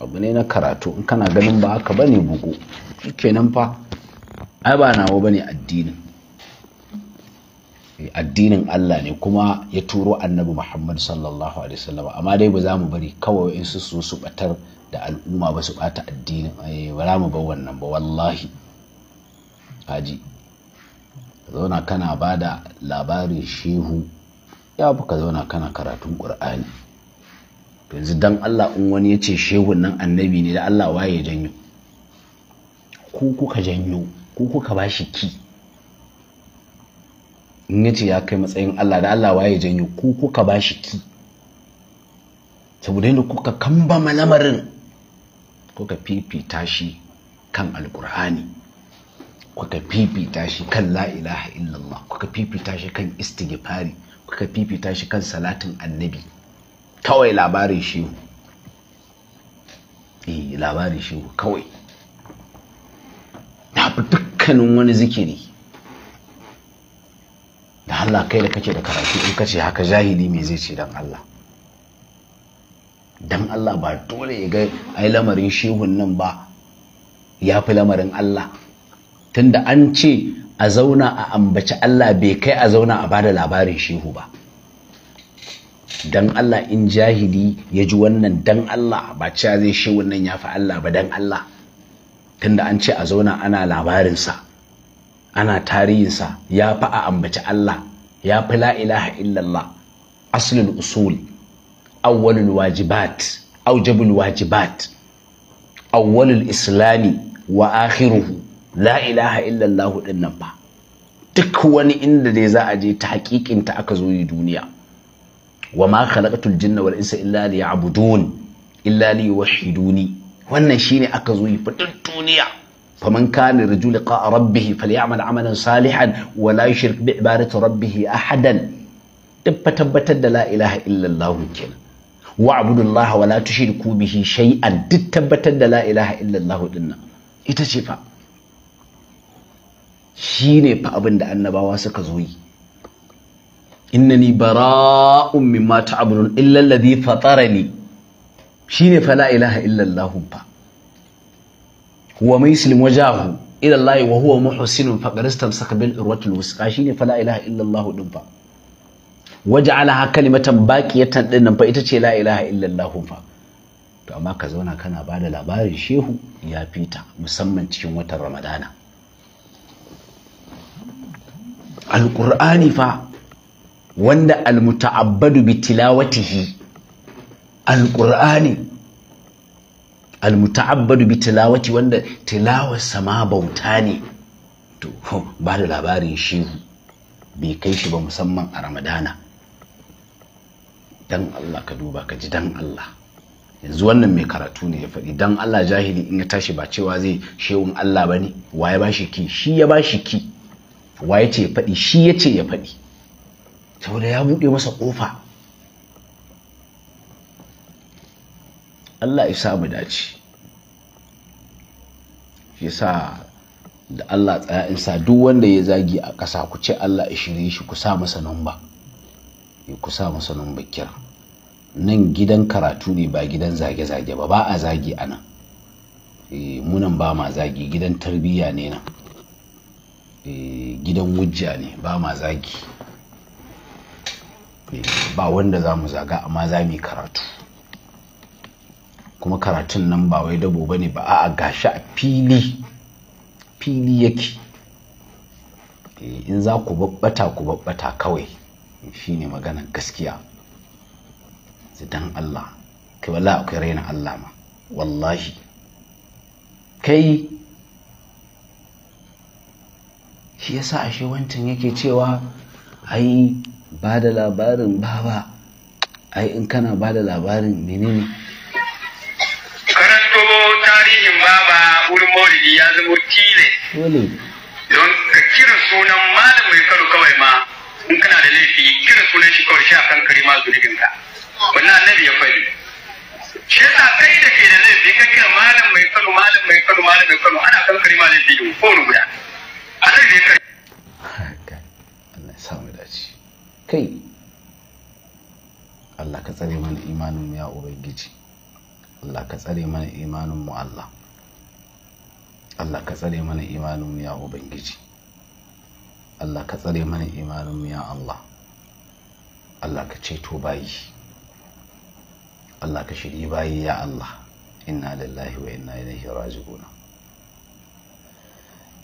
abu ne na karatu in kana ganin ba haka bane bugu kenan fa ai ba nawo bane addini eh, addinin Allah ne kuma ya turo annabi Muhammad sallallahu alaihi wasallam amma dai ba za mu bari kawai in su su batar da al'umma ba su bata addini eh, ba za mu ba wannan ba wallahi kaji zauna kana ba da labarin shehu ya fi ka zauna kana karatun ƙur'ani yanzu dan Allah in wani ya ce shehun nan annabi ne da Allah waye janyo ku kuka janyo ku kuka ba shi ki in ya ce ya kai matsayin Allah da Allah waye janyo ku kuka ba shi ki saboda yadda kuka kamba lamarin kuka fifita shi kan alkur'ani kuka fifita shi kan la ilaha illallah kuka fifita shi kan istighfari kuka fifita shi kan salatin annabi kawai labarin shehu eh labarin shehu kawai na fi dukkanin wani zikiri da Allah kai da kake da karatu in kace haka jahili me zai ce dan Allah dan Allah ba dole ya ga ai lamarin shehun nan ba ya fi lamarin Allah tunda an ce a zauna a ambaci Allah bai kai a zauna a bada labarin shehu ba dan Allah in jahili ya ji wannan dan Allah ba cewa zai shehun nan ya fi Allah ba dan Allah tunda an ce a zauna ana labarin sa ana tarihinsa ya fi a ambaci Allah ya fi la ilaha illallah aslul usul awwalul wajibat aujabul wajibat awwalul islami wa akhiruhu la ilaha illallah din nan duk wani inda dai za a je ta hakikin ta aka zo yi duniya wa ma khalaqatul jinna wal insa illa liya'budun illa liyuwahhiduni wannan shine aka zo yi fitin duniya faman kana yarju liqa'a rabbih falyamal amalan salihan wa la yushrik bi ibadati rabbih ahadan duk tabbatar da la'ilaha illallahu illallah kenan wa abudullaha wa la tushriku bihi shay'an duk tabbatar da la ilaha illallah dinnan ita ce fa shine fa abin da annabawa suka zo yi innani bara'un mimma ta'budun illa alladhi fatarani shine fa la ilaha illallah fa huwa muslim wajahu ila Allah wa huwa muhsinun fa qaristam sakabil urwatul wusqa shine fa la ilaha illallah din Waje waja'alaha kalimatan baqiyatan din nan fa ita ce la ilaha illallah fa to amma ka zauna kana bada labarin shehu ya fita musamman cikin watan ramadana alqur'ani fa wanda almuta'abbadu bi tilawatihi alqur'ani almuta'abbadu bi tilawati wanda tilawar sama bauta ne to ba da labarin shehu bai kai shi ba musamman a ramadana dan Allah ka duba ka ji dan Allah yanzu wannan mai karatu ne ya faɗi dan Allah jahili in ya tashi ba cewa zai shewun Allah ba ne wa ya bashi ki shi ya bashi ki wa ya ce ya faɗi shi ya ya faɗi saboda ya buɗe masa ƙofa Allah ya sa mu dace shi sa da Allah tsaya in sa duk wanda ya zagi a ƙasa ku ce Allah ya shirye shi ku sa masa namba ku sa masa nan kira nan gidan karatu ne ba gidan zage-zage ba ba a zagi a nan eh, munan ba ma zagi gidan tarbiyya ne nan eh, gidan wujja ne ba ma zagi eh, ba wanda za mu zaga amma za mu yi karatu kuma karatun nan ba wai dabo ba ne ba a gashi a fili fili yake in za ku babbata ku babbata kawai shine maganar gaskiya zidan Allah kai wala akwai raina Allah ma wallahi kai shi yasa ashe wancan yake cewa ai ba da labarin baba ai in kana ba da labarin menene karanto tarihin baba wurin maulidi ya zama tile don ka kira sunan ikon sha kan karima zurgin ka wannan annabi ya fari shi yasa kai da ke da laifi ka kira malam mai kano malam mai kano malam mai kano ana kan karima laifi yau ko ni guda annabi ya fari Allah ya samu dace kai Allah ka tsare mana imanin mu ya ubangiji Allah ka tsare mana imanin mu Allah Allah ka tsare mana imanin mu ya ubangiji Allah ka tsare mana imanin mu ya Allah Allah ka ceto bayi Allah ka shiri bayi ya Allah inna lillahi wa inna ilaihi raji'un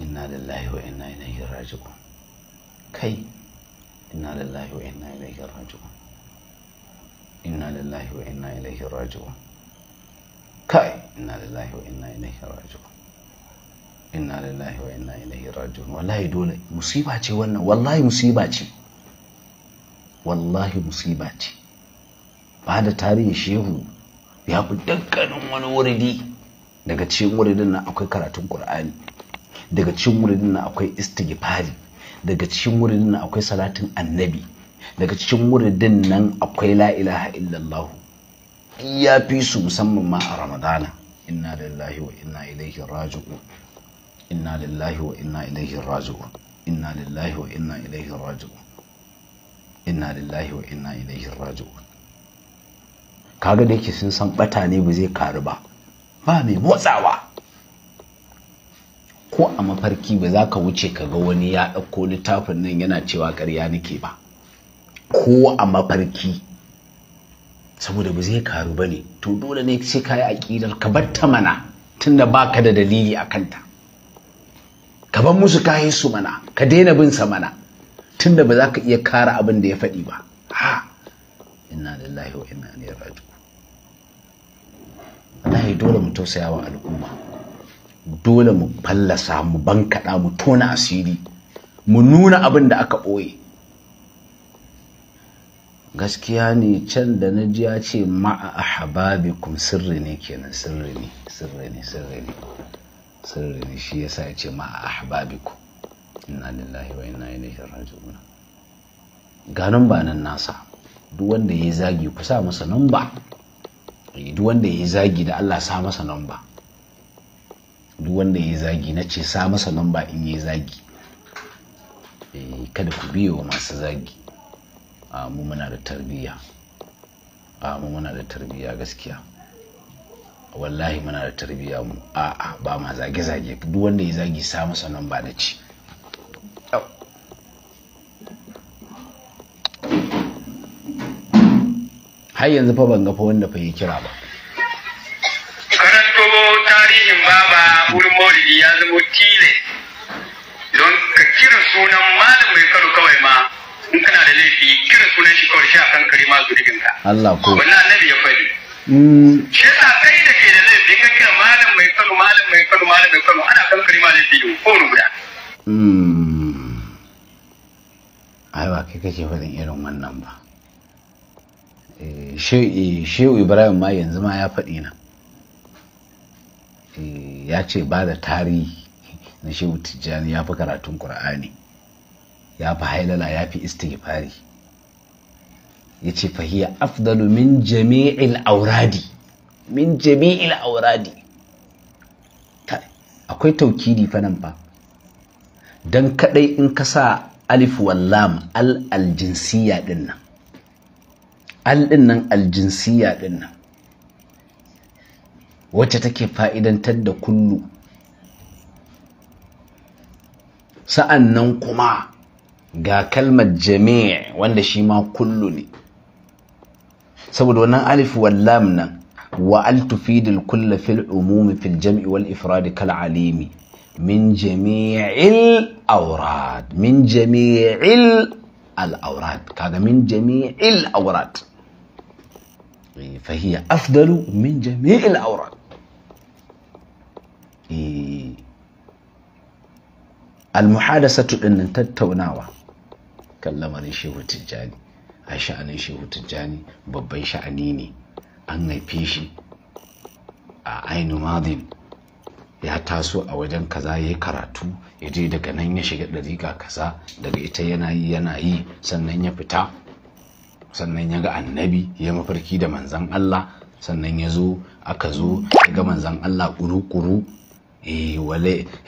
inna lillahi wa inna ilaihi raji'un kai inna lillahi wa inna ilaihi raji'un inna lillahi wa inna ilaihi raji'un kai inna lillahi wa inna ilaihi raji'un inna lillahi wa inna ilaihi raji'un wallahi dole musiba ce wannan wallahi musiba ce wallahi musiba ce ba da tarihin shehu ya fi dankalin wani wuridi daga cikin wuridin nan akwai karatun qur'ani daga cikin wuridin nan akwai istighfari daga cikin wuridin nan akwai salatin annabi daga cikin wuridin nan akwai la ilaha illallah ya fi su musamman ma a ramadana inna lillahi wa inna ilaihi raji'un inna lillahi wa inna ilaihi raji'un inna lillahi wa inna ilaihi raji'un inna lillahi wa inna ilaihi raji'un kaga da yake sun san bata ne ba zai karu ba ba mai motsawa ko a mafarki ba za ka wuce ka ga wani ya ɗauko littafin nan yana cewa ƙarya nake ba ko a mafarki saboda ba zai karu ba ne to dole ne sai ka yi aƙidar ka bar ta mana tunda ba ka da dalili a kanta ka bar musu kayan su mana ka daina bin sa mana tunda ba za ka iya kara abin da ya faɗi ba ha inna lillahi wa inna ilaihi raji'un ya dole mu tausaya wa al'umma dole mu fallasa mu bankaɗa mu tona asiri mu nuna abin da aka ɓoye gaskiya ne can da na ji ya ce ma'a ahababikum sirri ne kenan sirri ne sirri ne sirri ne sirri ne shi yasa ya ce ma'a ahababikum inna lillahi wa inna ilaihi raji'un ga namba nan nasa duk wanda yayi zagi ku sa masa namba eh, duk wanda yayi zagi da Allah sa masa namba duk wanda yayi zagi na ce sa masa namba in ya zagi eh, kada ku biyo masu zagi mu muna da tarbiyya mu muna da tarbiyya gaskiya wallahi muna da tarbiyya mu a'a ba ma zage-zage duk wanda ya zagi sa masa namba na ce har yanzu fa ban ga fa wanda fa ya kira ba karanto tarihin baba wurin maulidi ya zama tile don ka kira sunan malam mai karo kawai ma in kana da laifi kira sunan shi kawai shi a kan kare ma zurgin ka Allah ko wannan annabi ya faɗi mm. shi yasa kai da ke da laifi ka kira malam mai karo malam mai karo malam mai karo ana kan kare ma laifi ko rubuta mm. ai ba kai kake faɗin irin wannan ba Eh, shehu ibrahim ma yanzu ma ya faɗi na eh, ya ce ba da tarihi na shehu tijjani ya fi karatun ƙur'ani ya fi hailala ya fi istighfari ya ce fahiya afdalu min jami'il auradi min jami'il auradi akwai taukidi fa nan fa don kadai in ka sa alif wallam al aljinsiya din nan al ɗin nan aljinsiya ɗin nan wacce take fa'idantar da kullu sa'an nan kuma ga kalmar jami'a wanda shi ma kullu ne saboda wannan alif wallam nan wa al tufidil kulla fil umumi fil jam'i wal ifradi kal alimi min jami'il awrad min jami'il al awrad kaga min jami'il awrad Mai fahiya afdalu min jami'il aurat almuhadasatu dinnan tattaunawa kan lamarin shehu tijjani a sha'anin shehu tijjani babban sha'ani ne an haife shi a ainu madin ya taso a wajen kaza ya yi karatu ya je daga nan ya shiga ɗariƙa kaza daga ita yana yana yi sannan ya fita sannan ya ga annabi ya mafarki da manzan Allah sannan ya zo aka zo ya ga manzan Allah kuru-kuru eh,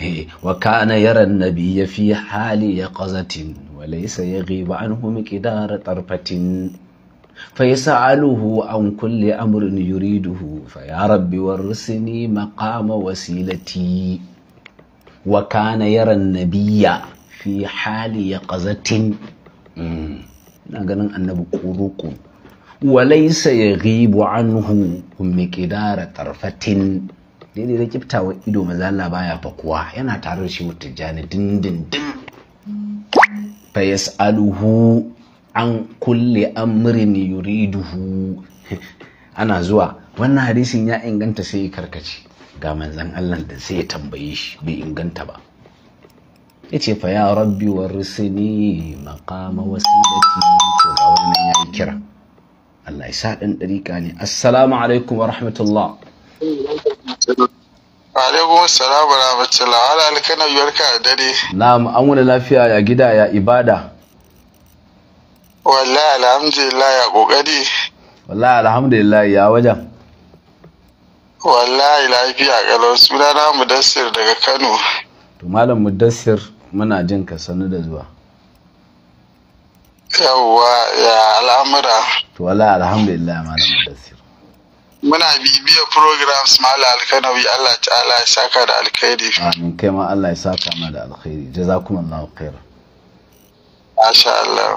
eh, wa kana yaran nabi ya fi hali ya ƙazatin wale isa ya ghiba an hu miƙidara tarfatin faisa aluhu an kulle amurin yuriduhu fa ya rabbi wa rusini maƙama wasilati wa kana yaran nabiya fi hali ya ƙazatin hmm. ina ganin annabi kuruku walaisa ya ghibu anhu miqdara tarfatin daidai da wa ido maza Allah baya fakuwa yana tare da shi mutujani dindindin fa yas'aluhu an kulle amrin yuriduhu ana zuwa wannan hadisin ya inganta sai ya karkace ga manzon Allah da sai ya tambaye shi bai inganta ba ya ce fa ya rabbi wa rusuli maqama wasilati to ga wannan yayi kira Allah ya sa dan dariƙa ne assalamu alaikum wa rahmatullah alaikum assalam wa rahmatullah ala alkana yarka da dare na'am an wani lafiya ya gida ya ibada wallahi alhamdulillah ya kokari wallahi alhamdulillah ya wajen wallahi lafiya suna na mudassir daga Kano to malam mudassir muna jin ka sanu da zuwa yawwa ya al'amura to wala alhamdulillah malam mudassir muna bibiya programs malam alkanawi Allah ta'ala ya saka da alkhairi amin kai ma Allah ya saka ma da alkhairi jazakumullahu khair masha Allah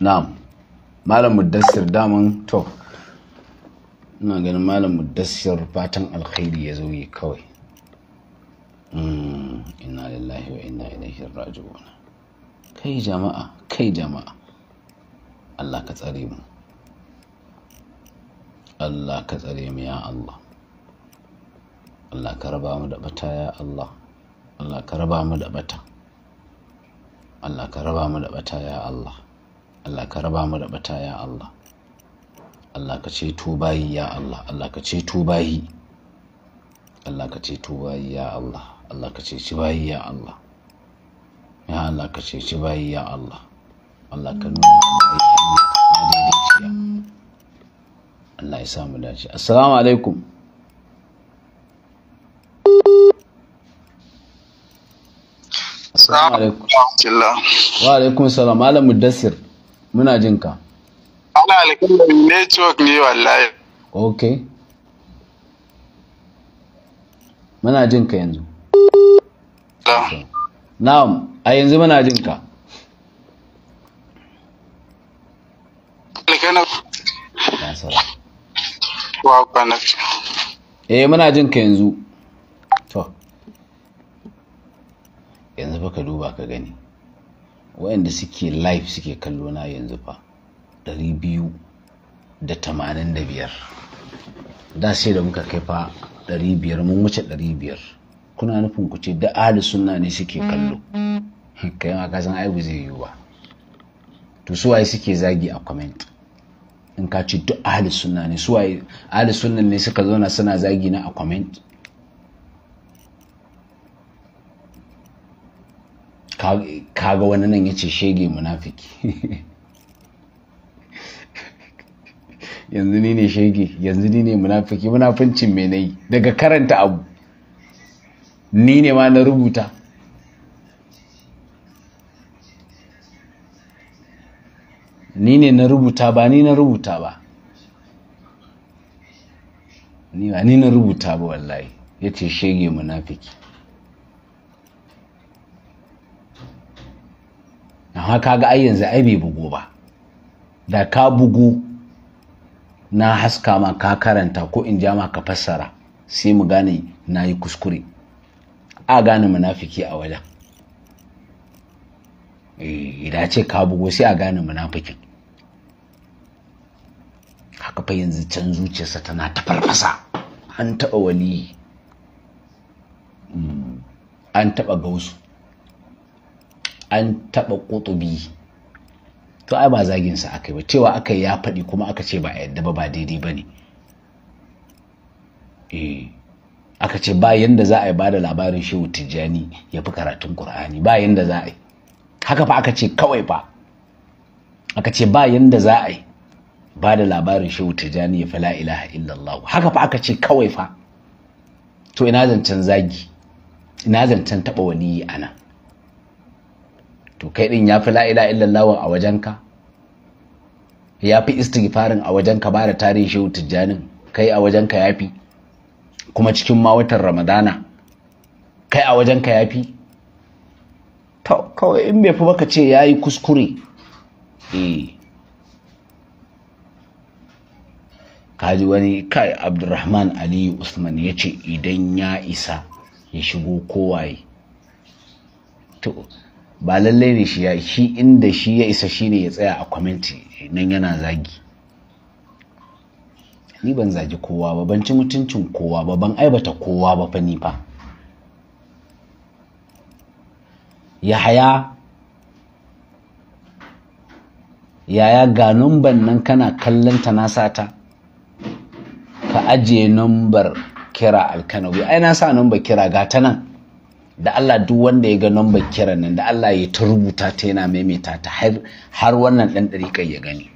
na'am malam mudassir daman to ina ganin malam mudassir fatan alkhairi ya zo yi kawai Hmm, inna lillahi wa inna ilaihi raji'un kai jama'a kai jama'a Allah ka tsare mu Allah ka tsare mu ya Allah Allah ka raba mu da bata ya Allah Allah ka raba mu da bata Allah ka raba mu da bata ya Allah Allah ka raba mu da bata ya Allah Allah ka ceto bayi ya Allah Allah ka ceto bayi Allah ka ceto bayi ya Allah Allah ka ceci bayi ya Allah ya Allah ka ceci bayi ya Allah Allah ka nuna Allah ya samu dace assalamu alaikum Assalamu alaikum. Wa alaikum salam. Malam Mudassir, muna jin ka. Ana alƙalar network ne wallahi. Okay. Muna jin ka yanzu. Na'am, a yanzu muna jin ka. Eh muna jin ka yanzu. To. Yanzu baka duba ka gani. Waɗanda suke live suke kallo na yanzu fa ɗari biyu da tamanin da biyar. Da sai da muka kai fa ɗari biyar mun wuce ɗari biyar. kuna nufin ku ce da ahli sunna ne suke mm. kallo kai ma ka san ai ba zai yiwu ba to suwaye suke zagi a comment in ka ce duk ahli sunna ne suwaye ahli sunna ne suka zauna suna zagi na a comment kaga wani nan ya ce shege munafiki yanzu ni ne shege yanzu ni ne munafiki munafincin me nayi daga karanta abu ni ne ma na rubuta ni ne na rubuta ba ni na rubuta ba ni ba ni na rubuta ba wallahi ya ce shege munafiki haka ga ai yanzu ai bai bugu ba da ka bugu na haska ma ka karanta ko in ja ma ka fassara sai mu gane na yi kuskure a gane munafiki a wajen eh, idan ce ka bugo sai a gane munafikin haka fa yanzu can zuciyarsa tana ta farfasa an taɓa wani, mm, an taɓa gausu an taɓa ƙutubi to ai ba zaginsa aka yi ba cewa aka yi ya faɗi kuma aka ce ba a yadda ba ba daidai ba ne eh aka ce ba yanda za a yi bada labarin shehu tijjani ya fi karatun ƙur'ani ba yanda za a yi haka fa aka ce kawai fa aka ce ba yanda za a yi bada labarin shehu tijjani ya fi la ilaha illallah haka fa aka ce kawai fa to ina zancen zagi ina zancen taɓa waliyi ana to kai ɗin ya fi la ilaha illallah a wajenka ya fi istighfarin a wajenka ba da tarihin shehu tijjanin kai a wajenka ya fi kuma cikin ma watan ramadana kai a wajen ka yafi to kawai in bai fi baka ce ya yi kuskure eh kaji wani kai abdurrahman aliyu usman ya ce idan ya isa ya shigo kowaye to ba lallai ne shi ya shi inda shi ya isa shine ya tsaya a kwamenti nan yana zagi ni ban zagi kowa ba ban ci mutuncin kowa ba ban aibata kowa ba fa ni fa yahaya yaya ga numban nan kana kallon ta na sata ka ajiye numbar kira alkanawi ai na sa numbar kira ga ta nan da Allah duk wanda ya ga numbar kira nan da Allah ya ta rubuta ta yana maimaita ta har wannan dan dariƙar ya gani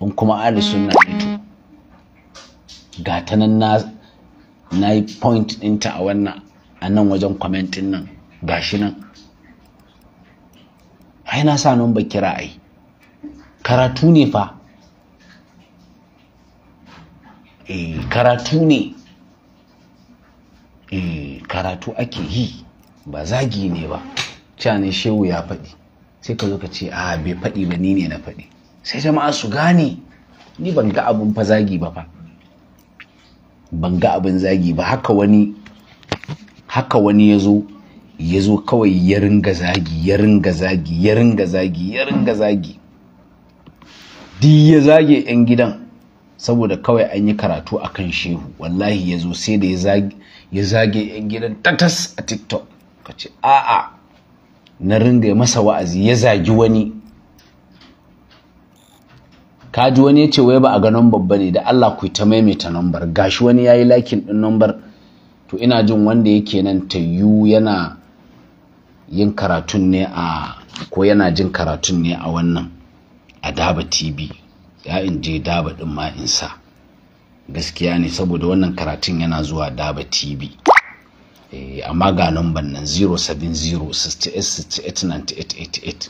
in kuma ahli sunna ne to ga ta nan na yi point ɗinta a wannan a nan wajen kwamentin nan ga shi nan ai na sa nan kira ai karatu ne fa eh karatu ne eh karatu ake yi ba zagi ne ba cewa shehu ya faɗi sai ka zo ka ce a ah, bai faɗi ba ni ne na faɗi sai jama'a su gane ni ban ga abun fa zagi ba fa ban ga abin zagi ba haka wani haka wani ya zo kawai ya ringa zagi ya ringa zagi ya ringa zagi ya ringa zagi di ya zage 'yan gidan saboda kawai an yi karatu akan shehu wallahi yazo sai da ya zage 'yan gidan tatas a tiktok ka ce a'a na ringa masa wa'azi ya zagi wani ka ji wani ya ce wai ba a ga number ba ne da Allah ku ta maimaita number gashi wani ya yi lakin ɗin number to ina jin wanda yake nan ta yu yana yin karatun ne a ko yana jin karatun ne a wannan a daba tv ya in je daba ɗin ma in sa gaskiya ne saboda wannan karatun yana zuwa daba tv eh, amma ga number nan 070 68 68 98 88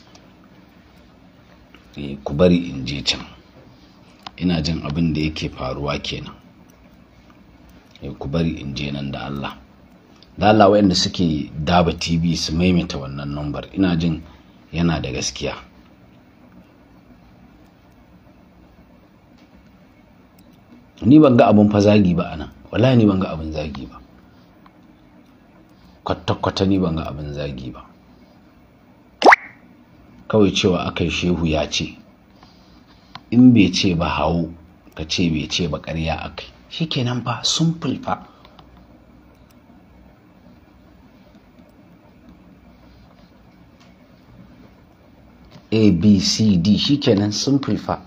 ku bari in je can ina jin abin da yake faruwa kenan ya eh, ku bari in je nan da Allah da Allah wayanda suke daba TV su maimaita wannan number ina jin yana da gaskiya ni ban ga abin fa zagi ba anan wallahi ni ban ga abin zagi ba kwata-kwata ni ban ga abin zagi ba kawai cewa aka yi shehu ya ce in bai ce ba hawo ka ce bai ce ba ƙarya a kai shikenan ba sun fa a b c d shikenan sun fa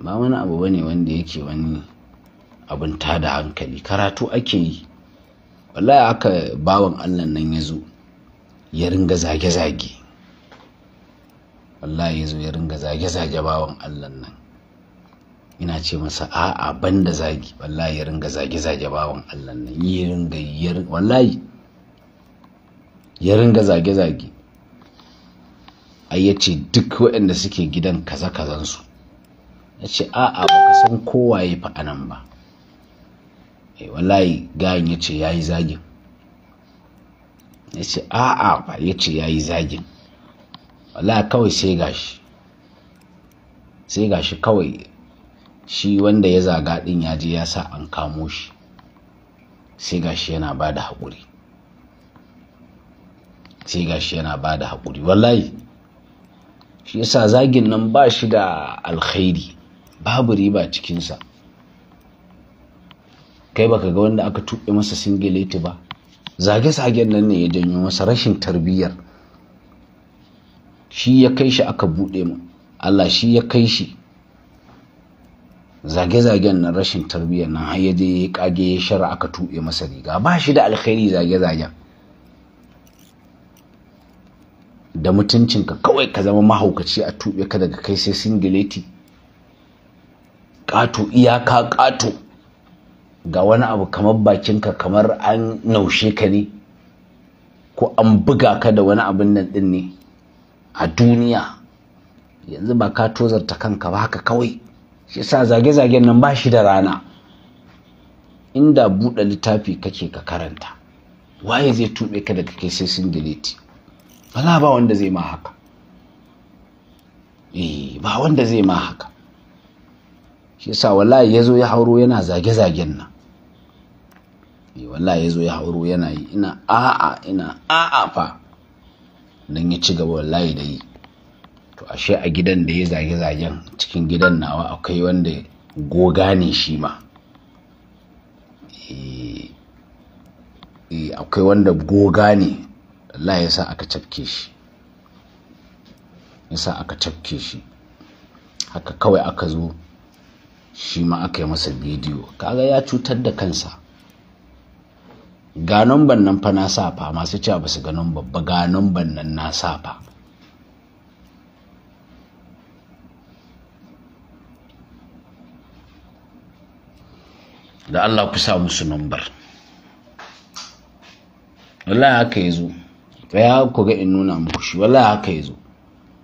ba wani abu bane wanda yake wani abin tada hankali karatu ake yi wallahi haka bawan allah nan ya zo ya ringa zage-zage wallahi ya zo ya ringa zage-zage bawan Allah nan ina ce masa a'a banda zagi wallahi ya ringa zage-zage bawan Allah nan ya ringa wallahi ya ringa zage-zage ai ya ce duk waɗanda suke gidan kaza-kazansu ya ce a'a ka san ya fi anan ba eh, wallahi gayin ya ce ya yi zagin ya ce a'a ba ya ce ya yi zagin wallahi kawai sai gashi sai gashi kawai shi wanda ya zaga din ya je ya sa an kamo shi sai gashi yana ba da haƙuri sai gashi yana ba da haƙuri wallahi shi yasa zagin nan ba shi da alkhairi babu riba cikinsa kai baka ga wanda aka tuɓe masa singileti ba zage-zagen nan ne ya janyo masa rashin tarbiyyar shi ya kai shi aka buɗe mu Allah shi ya kai shi zage-zagen na rashin tarbiyyar nan har ya je ya kage ya shara aka tuɓe masa riga ba shi da alkhairi zage-zagen da mutuncinka kawai ka zama mahaukaci a tuɓe ka daga kai sai singileti ƙato iyaka ƙato ga wani abu kamar bakinka kamar an naushe ka ne ko an buga ka da wani abin nan ɗin ne a duniya yanzu ba ka tozarta kanka ba haka kawai shi sa zage-zagen nan ba shi da rana inda buɗe littafi kake ka karanta waye zai tuɓe ka daga kai sai sun ba za ba wanda zai ma haka eh ba wanda zai ma haka shi sa wallahi ya zo ya hauro yana zage-zagen nan eh wallahi ya zo ya hauro yana yi ina a'a ina a'a fa nan ya ci gaba wallahi da yi to ashe a gidan da ya zage-zagen cikin gidan nawa akwai wanda goga ne shi ma eh, eh, akwai wanda goga ne Allah ya sa aka cafke shi ya aka cafke shi haka kawai aka zo shi ma aka yi masa bidiyo kaga ya cutar da kansa ga numban nan fa na sa fa masu cewa ba su ga numban ba ga nan na sa fa da Allah ku sa musu numbar wallahi haka yazo tsaya ku ga in nuna muku shi wallahi haka yazo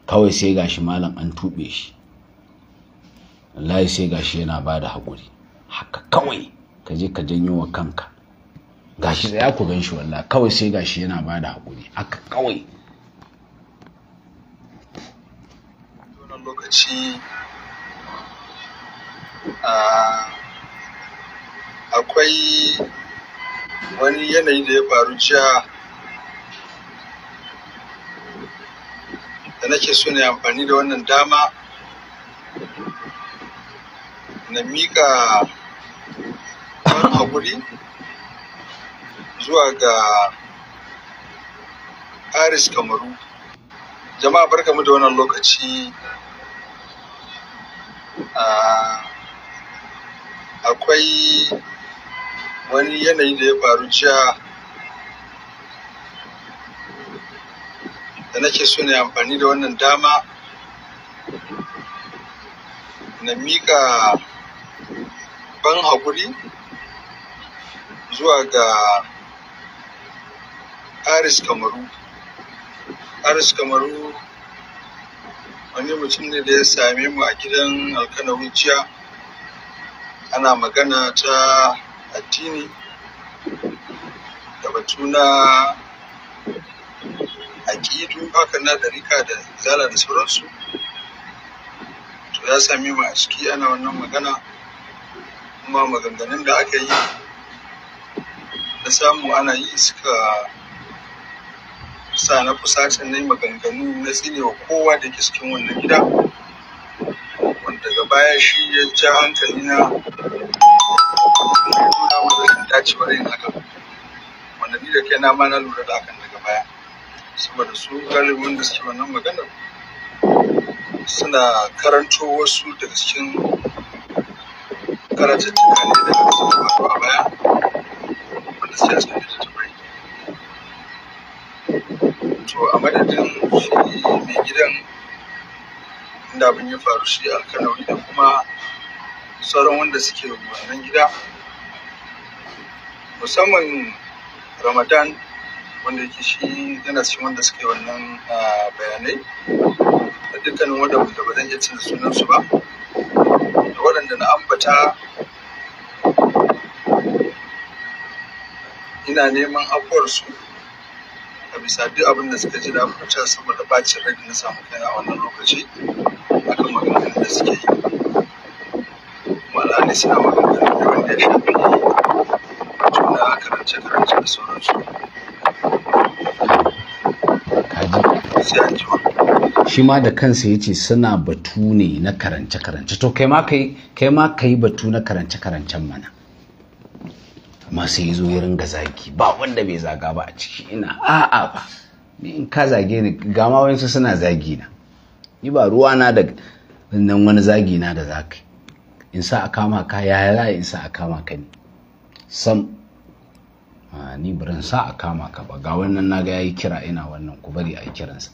kawai sai gashi malam an tube shi wallahi sai gashi yana bada hakuri haka kawai ka je ka janyo wa kanka gashi da ya ku gan shi wallah kawai sai gashi yana ba da haƙuri aka kawai wannan lokaci akwai wani yanayi da ya faru jiya da nake so ne amfani da wannan dama na miƙa wani haƙuri zuwa ga Paris Kamaru. Jama'a barkamu da wannan lokaci akwai wani yanayi da ya faru jiya da nake so ne amfani da wannan dama na miƙa ban haƙuri zuwa ga Aris Kamaru. Aris Kamaru wani mutum ne da ya same mu a gidan Alkana ana magana ta addini da batu na aƙidu haka na ɗarika da zala da sauransu. To ya same mu a ana wannan magana kuma maganganun da aka yi na samu ana yi suka sa na fusacin na maganganu na tsinewa kowa da ke cikin wannan gida wanda daga baya shi ya ja hankali na nuna wanda sun dace wa yin hakan wanda ni da kai na ma na lura da hakan daga baya saboda su galibin da suke wannan maganar suna karanto wasu daga cikin karatuttuka ne da suke a baya wanda suke cikin to a madadin shi mai gidan inda abin ya faru shi alkanawi da kuma sauran wanda suke wannan gida musamman ramadan wanda yake shi yana cikin wanda suke wannan bayanai da dukkanin wanda ba zan iya cin sunansu ba da waɗanda na ambata ina neman afuwarsu a bisa duk abin da suka ji da fita saboda bacin rai na samu kai a wannan lokaci akan maganganun da suke yi malani suna maganganun da wanda ya shafi juna karance karance da sauransu sai an ji shi ma da kansa ya ce suna batu ne na karance karance to kai ma kai ma kai batu na karance karancen mana amma sai ya zo ya ringa zaki ba wanda bai zaga ba a ciki ina a'a ba ni in ka zage ni ga ma wayansu suna zagi na ni ba ruwa na da nan wani zagi na da zaka in sa a kama ka ya za in sa a kama ka ne sam ni burin sa a kama ka ba ga wannan naga yayi kira ina wannan ku bari a yi kiransa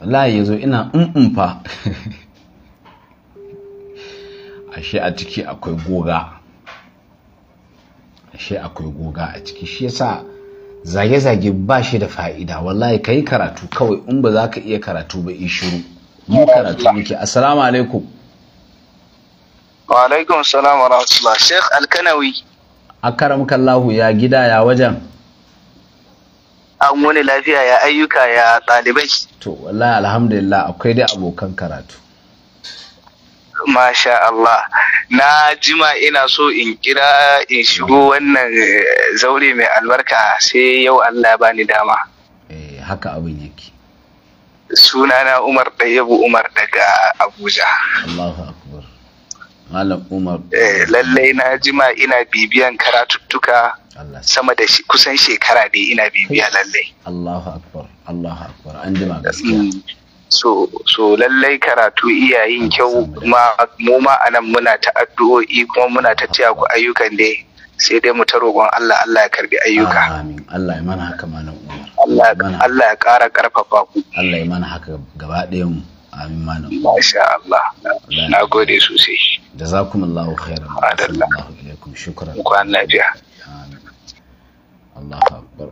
wallahi yazo ina in fa ashe a ciki akwai goga ashe akwai goga a ciki shi yasa zage-zage ba shi da fa'ida wallahi ka yi karatu kawai in ba za ka iya karatu ba shiru mu karatu muke assalamu alaikum wa alaikum salam wa rahmatullah sheikh alkanawi akaram kallahu ya gida ya wajen an wani lafiya ya ayyuka ya ɗalibai to wallahi alhamdulillah akwai dai abokan karatu Masha Allah. Na jima ina so in kira in shigo wannan eh, zaure mai albarka sai yau Allah bani dama. Eh, haka abin yake. Sunana Umar yabu Umar daga Abuja. Allahu Akbar. Malam Umar. Eh, lallai na jima ina bibiyan karatuttuka sama da kusan shekara ne ina bibiya lallai. Allahu Akbar. Allahu Akbar. An jima gaskiya. Mm. so so lallai karatu iya yin kyau ma mu ma anan muna ta addu'o'i kuma muna ta tiya ku ayyukan dai sai dai mu ta roƙon Allah Allah ya karbi ayyuka amin Allah ya mana haka malam Umar Allah ya ƙara karfafa ku Allah ya mana haka gaba ɗayan mu amin malam masha Allah na gode sosai jazakumullahu khairan adalla alaikum shukran ku an lafiya amin Allahu akbar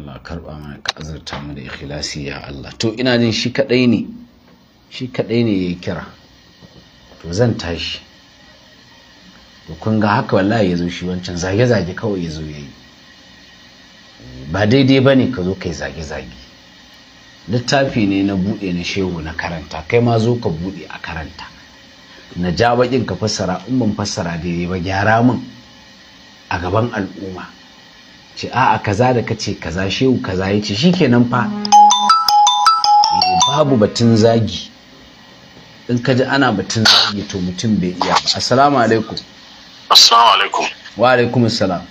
Allah karba mana ka azurta mu da ikhlasi ya Allah to ina jin shi kadai ne shi kadai ne yayi kira to zan tashi to kun ga haka wallahi yazo shi wancan zage zage kawai yazo yayi ba daidai bane ka zo kai zage zage littafi ne na bude na shehu na karanta kai ma zo ka bude a karanta na ja bakin ka fassara in ban fassara daidai ba gyara min a gaban al'umma ce a'a kaza da kace kaza shehu kaza yace shikenan fa eh, babu batun zagi in ka ji ana batun zagi to mutum bai iya ba assalamu alaikum assalamu alaikum wa alaikum assalam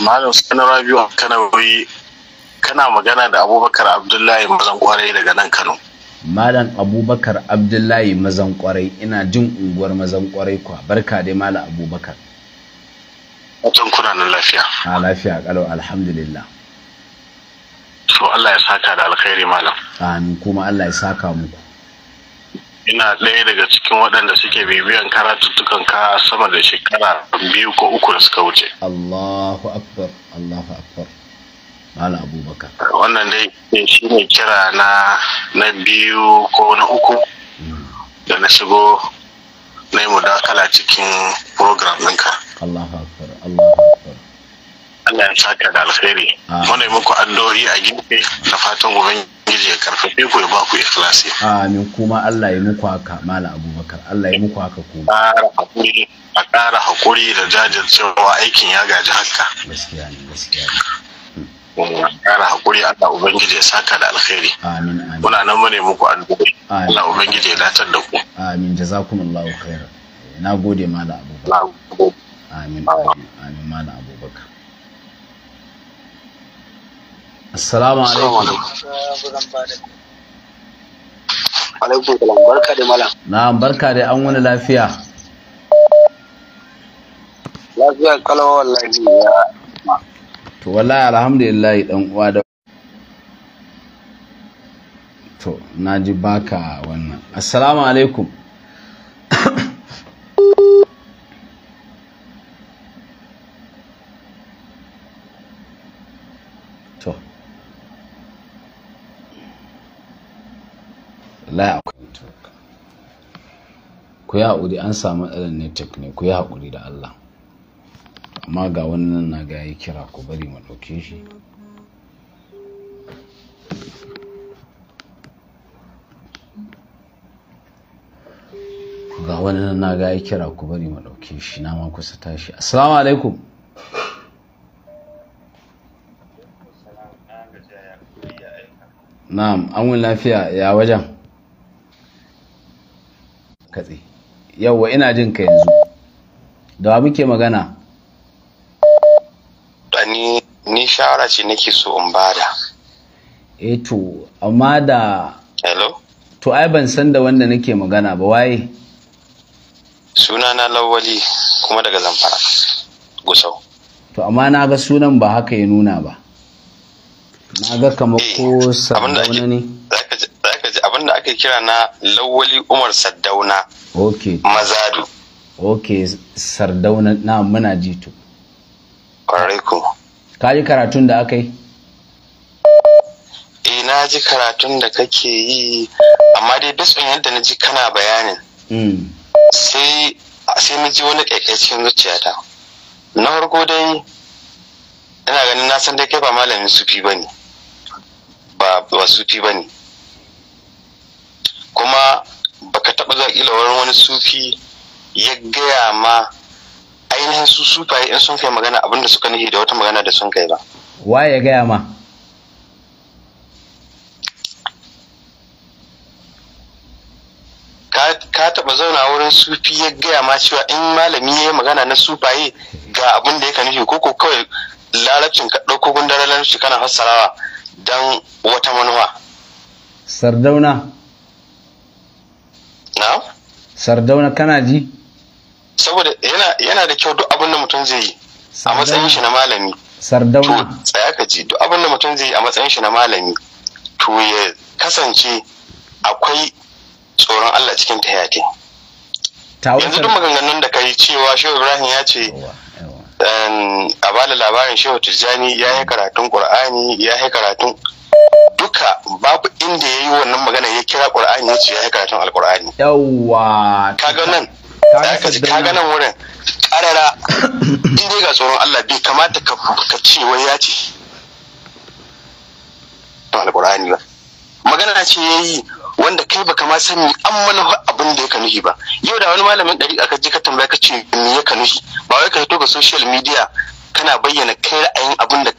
malam sanar rabiu kana wuri kana magana da abubakar abdullahi mazan kwarai daga nan kano malam abubakar abdullahi mazan kwarai ina jin unguwar mazan kwarai kwa barka dai malam abubakar fatan kuna nan lafiya a lafiya kalo alhamdulillah to Allah ya saka da alkhairi malam amin kuma Allah ya saka muku ina ɗaya daga cikin waɗanda suke bibiyan karatuttukan ka sama da shekara biyu ko uku da suka wuce Allahu akbar Allahu akbar Malam Abubakar wannan dai shi ne kira na na biyu ko na uku hmm. da na shigo na yi mudakala cikin program ɗinka Allahu akbar Allahu akbar Allah ya saka da alkhairi muna muku addu'o'i a gefe da fatan ubangiji ya karfafe ku ya baku ku ikhlasi amin kuma Allah ya muku haka mala abubakar Allah ya muku haka kuma a ƙara hakuri da jajircewa aikin ya gaji haka gaskiya ne gaskiya ne. ƙara hakuri Allah ubangiji ya saka da alkhairi amin amin muna nan mune muku addu'o'i Allah ubangiji ya datar da ku amin jazakumullahu khairan nagode mala abubakar amin amin malam abubakar assalamu alaikum alaikum barka da malam barka da an wani lafiya lafiya kalau wallahi ya to wallahi alhamdulillah dan uwa da to naji baka wannan assalamu alaikum wallahi akwai network ku yi haƙuri an samu irin network ne ku yi haƙuri da Allah amma ga wannan na ga ya kira ku bari mu ɗauke shi ga wani nan na ga ya kira ku bari mu ɗauke shi na ma kusa tashi assalamu alaikum na'am an lafiya ya wajen katse yawwa ina jin ka yanzu da wa muke magana ni ni shawara ce nake so in bada eh to amma da hello to ai ban san da wanda nake magana ba waye sunana lawali kuma daga zamfara gusau to amma na ga sunan ba haka ya nuna ba na ga kamar eh, ko sabon ne ake kira na lawali umar sardauna ok mazadu ok sardauna na muna jito ko. ka ji karatun da aka yi eh na ji karatun da kake yi amma dai bisun yadda na ji kana bayanin hmm. sai sai na ji wani ƙaiƙai cikin zuciyata na farko dai ina ganin na san dai kai ba malamin sufi ba ne, ba sufi ba ne. kuma baka taɓa zuwa ƙila wurin wani sufi ya gaya ma ainihin su sufaye in sun kai magana abinda suka nufi da wata magana da sun kai ba Wa ya gaya ma ka taɓa zauna wurin sufi ya gaya ma cewa in malami ya yi magana na sufaye ga abin da ya nufi koko ko kawai larabcin ka ɗauko gundar larabci kana fassarawa don wata manuwa sardauna na sardauna kana ji saboda yana yana da kyau duk abin da mutum zai yi a matsayin shi na malami sardauna tsaya ka ji duk abin da mutum zai yi a matsayin shi na malami to ya kasance akwai tsoron Allah cikin yake yanzu duk maganganun da kai cewa shehu ibrahim ya ce um, a bada labarin shehu tijjani ya yi karatun Kur'ani ya yi karatun duka babu inda ya yi wannan magana ya kira ƙur'ani ya ce ya yi karatun alƙur'ani yawwa kaga nan wurin karara in dai ga tsoron Allah bai kamata ka ka ce wai ya ce alƙur'ani ba magana ce ya yi wanda kai baka ma san an mana abin da ya nuhi ba yau da wani malamin ɗari aka je ka tambaya ka ce me ya nuhi ba wai ka fito ga social media kana bayyana kai ra'ayin abin da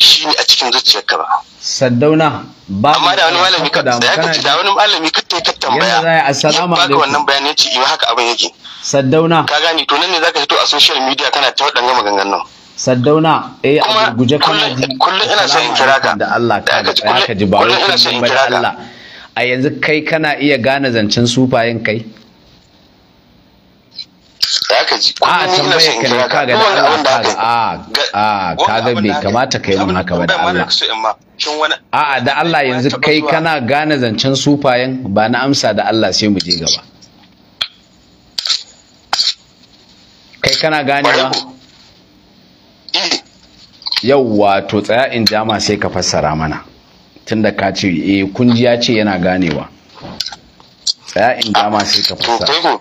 shi ne a cikin zuciyarka ba saddauna ba amma da wani malami ka da ya kace da wani malami ka tai ka tambaya Yanzu zai assalamu alaikum wannan bayanin yace ima haka abin yake saddauna ka gani to nan ne zaka fito a social media kana ta waɗannan maganganun nan. saddauna eh a guje kana ji kullum ina son in kira ka da Allah ka ka ji ba wai kullum ina son in kira ka a yanzu kai kana iya gane zancen sufayen kai za ka ji a tambaye ka ne da Allah kaga a a kaga bai kamata kai mun haka ba da Allah a a da Allah yanzu kai kana gane zancen sufayen ba na amsa da Allah sai mu je gaba kai kana gane ba eh. yau to tsaya in jama sai ka fassara mana tunda ka ce eh kunji ya ce yana ganewa tsaya in jama sai ka fassara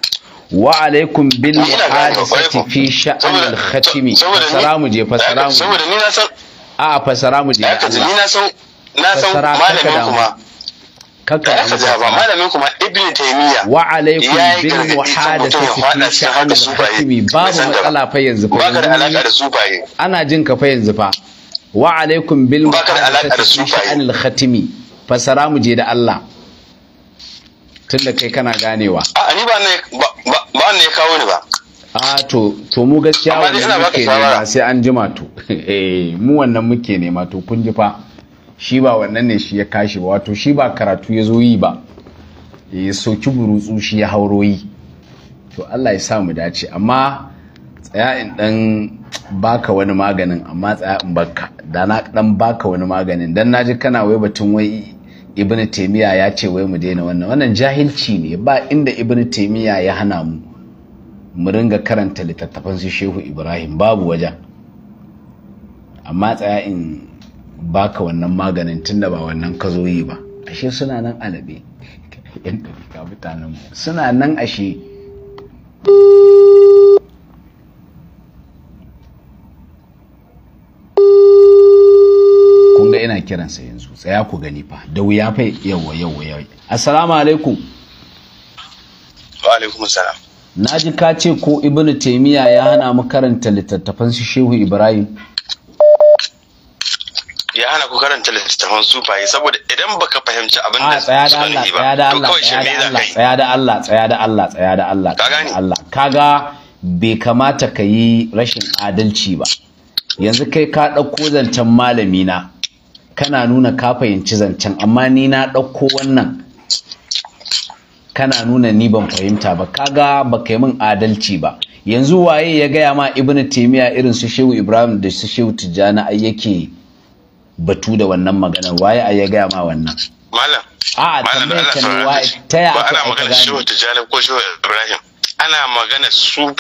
wa alaikum bil muhadisati fi al khatimi fasara mu je fasara mu saboda ni na san a fasara mu je ya Allah ni na san na san malamin kuma kakka da kaza ba malamin kuma ibn taymiya wa alaikum bil muhadathati fi sha'an al-hakimi babu matsala fa yanzu fa yanzu ana jin ka fa yanzu fa wa alaikum bil muhadathati fi sha'an al-khatimi fasara mu je da Allah da kai kana ganewa a ni ba ne ba ne ya kawo ni ba a to to mu gaskiya wannan muke ba sai an jima to eh mu wannan muke ma to kun ji fa shi ba wannan ne shi ya kashi ba wato shi ba karatu ya zo yi ba eh, ya soki burutsu shi ya hauro yi to Allah ya sa mu dace amma tsaya in dan baka wani maganin amma tsaya in baka da na dan baka wani maganin dan naji kana wai batun wai ibn taimiyya ya ce wai mu daina wannan wannan jahilci ne ba inda ibn taimiyya ya hana mu mu ringa karanta littattafan su shehu ibrahim babu wajen amma tsaya in baka wannan maganin tunda ba wannan ka zo yi ba ashe suna nan alabe yan mutanen suna nan ashe dole ina kiransa yanzu tsaya ku gani fa da wuya fa yawa yawa yawa assalamu alaikum wa alaikum assalam na ji ka ce ko ibnu taymiya ya hana mu karanta littattafan su shehu ibrahim ya hana ku karanta littattafan fa saboda idan baka fahimci abin da ah, tsaya da Allah tsaya da Allah tsaya da Allah tsaya da Allah tsaya da Allah tsaya da Allah kaga bai kamata ka yi rashin adalci ba yanzu kai ka ɗauko zancen malami na kana nuna ka fahimci zancen amma ni na ɗauko wannan kana nuna ni ban fahimta ba kaga ba kai min adalci ba yanzu waye ya gaya ma ibnu taimiya irin su shehu ibrahim da su shehu tijjani ai yake batu da wannan magana waye ai ya gaya ma wannan malam a tambayar ka ne waye ta ya aka gane ba ana magana shehu tijjani ko shehu ibrahim ana magana su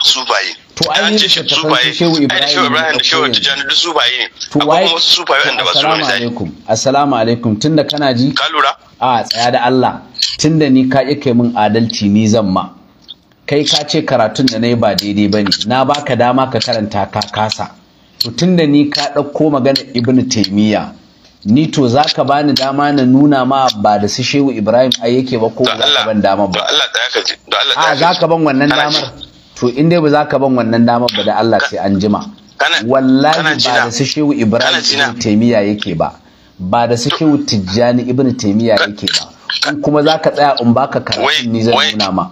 sufaye to an ce sufaye shehu ibrahim da shehu tijjani duk sufaye ne akwai kuma wasu sufaye wanda ba su wani zai alaikum assalamu alaikum tunda kana ji ka lura a tsaya da Allah tunda ni ka yi kai min adalci ni zan ma kai ka ce karatun da na yi ba daidai ba ne na baka dama ka karanta ka kasa to tunda ni ka ɗauko magana ibnu taimiyya ni to za ka bani dama na nuna ma ba da su shehu ibrahim ai yake ba ko ba ban dama ba da Allah da ka da Allah da ka ban wannan damar to in dai ba za ka ban wannan damar ba da Allah sai an jima wallahi ba da su shehu ibrahim ibn taymiya yake ba ba da su shehu tijjani ibn taymiya yake ba in kuma za ka tsaya in baka karatun ni zan nuna ma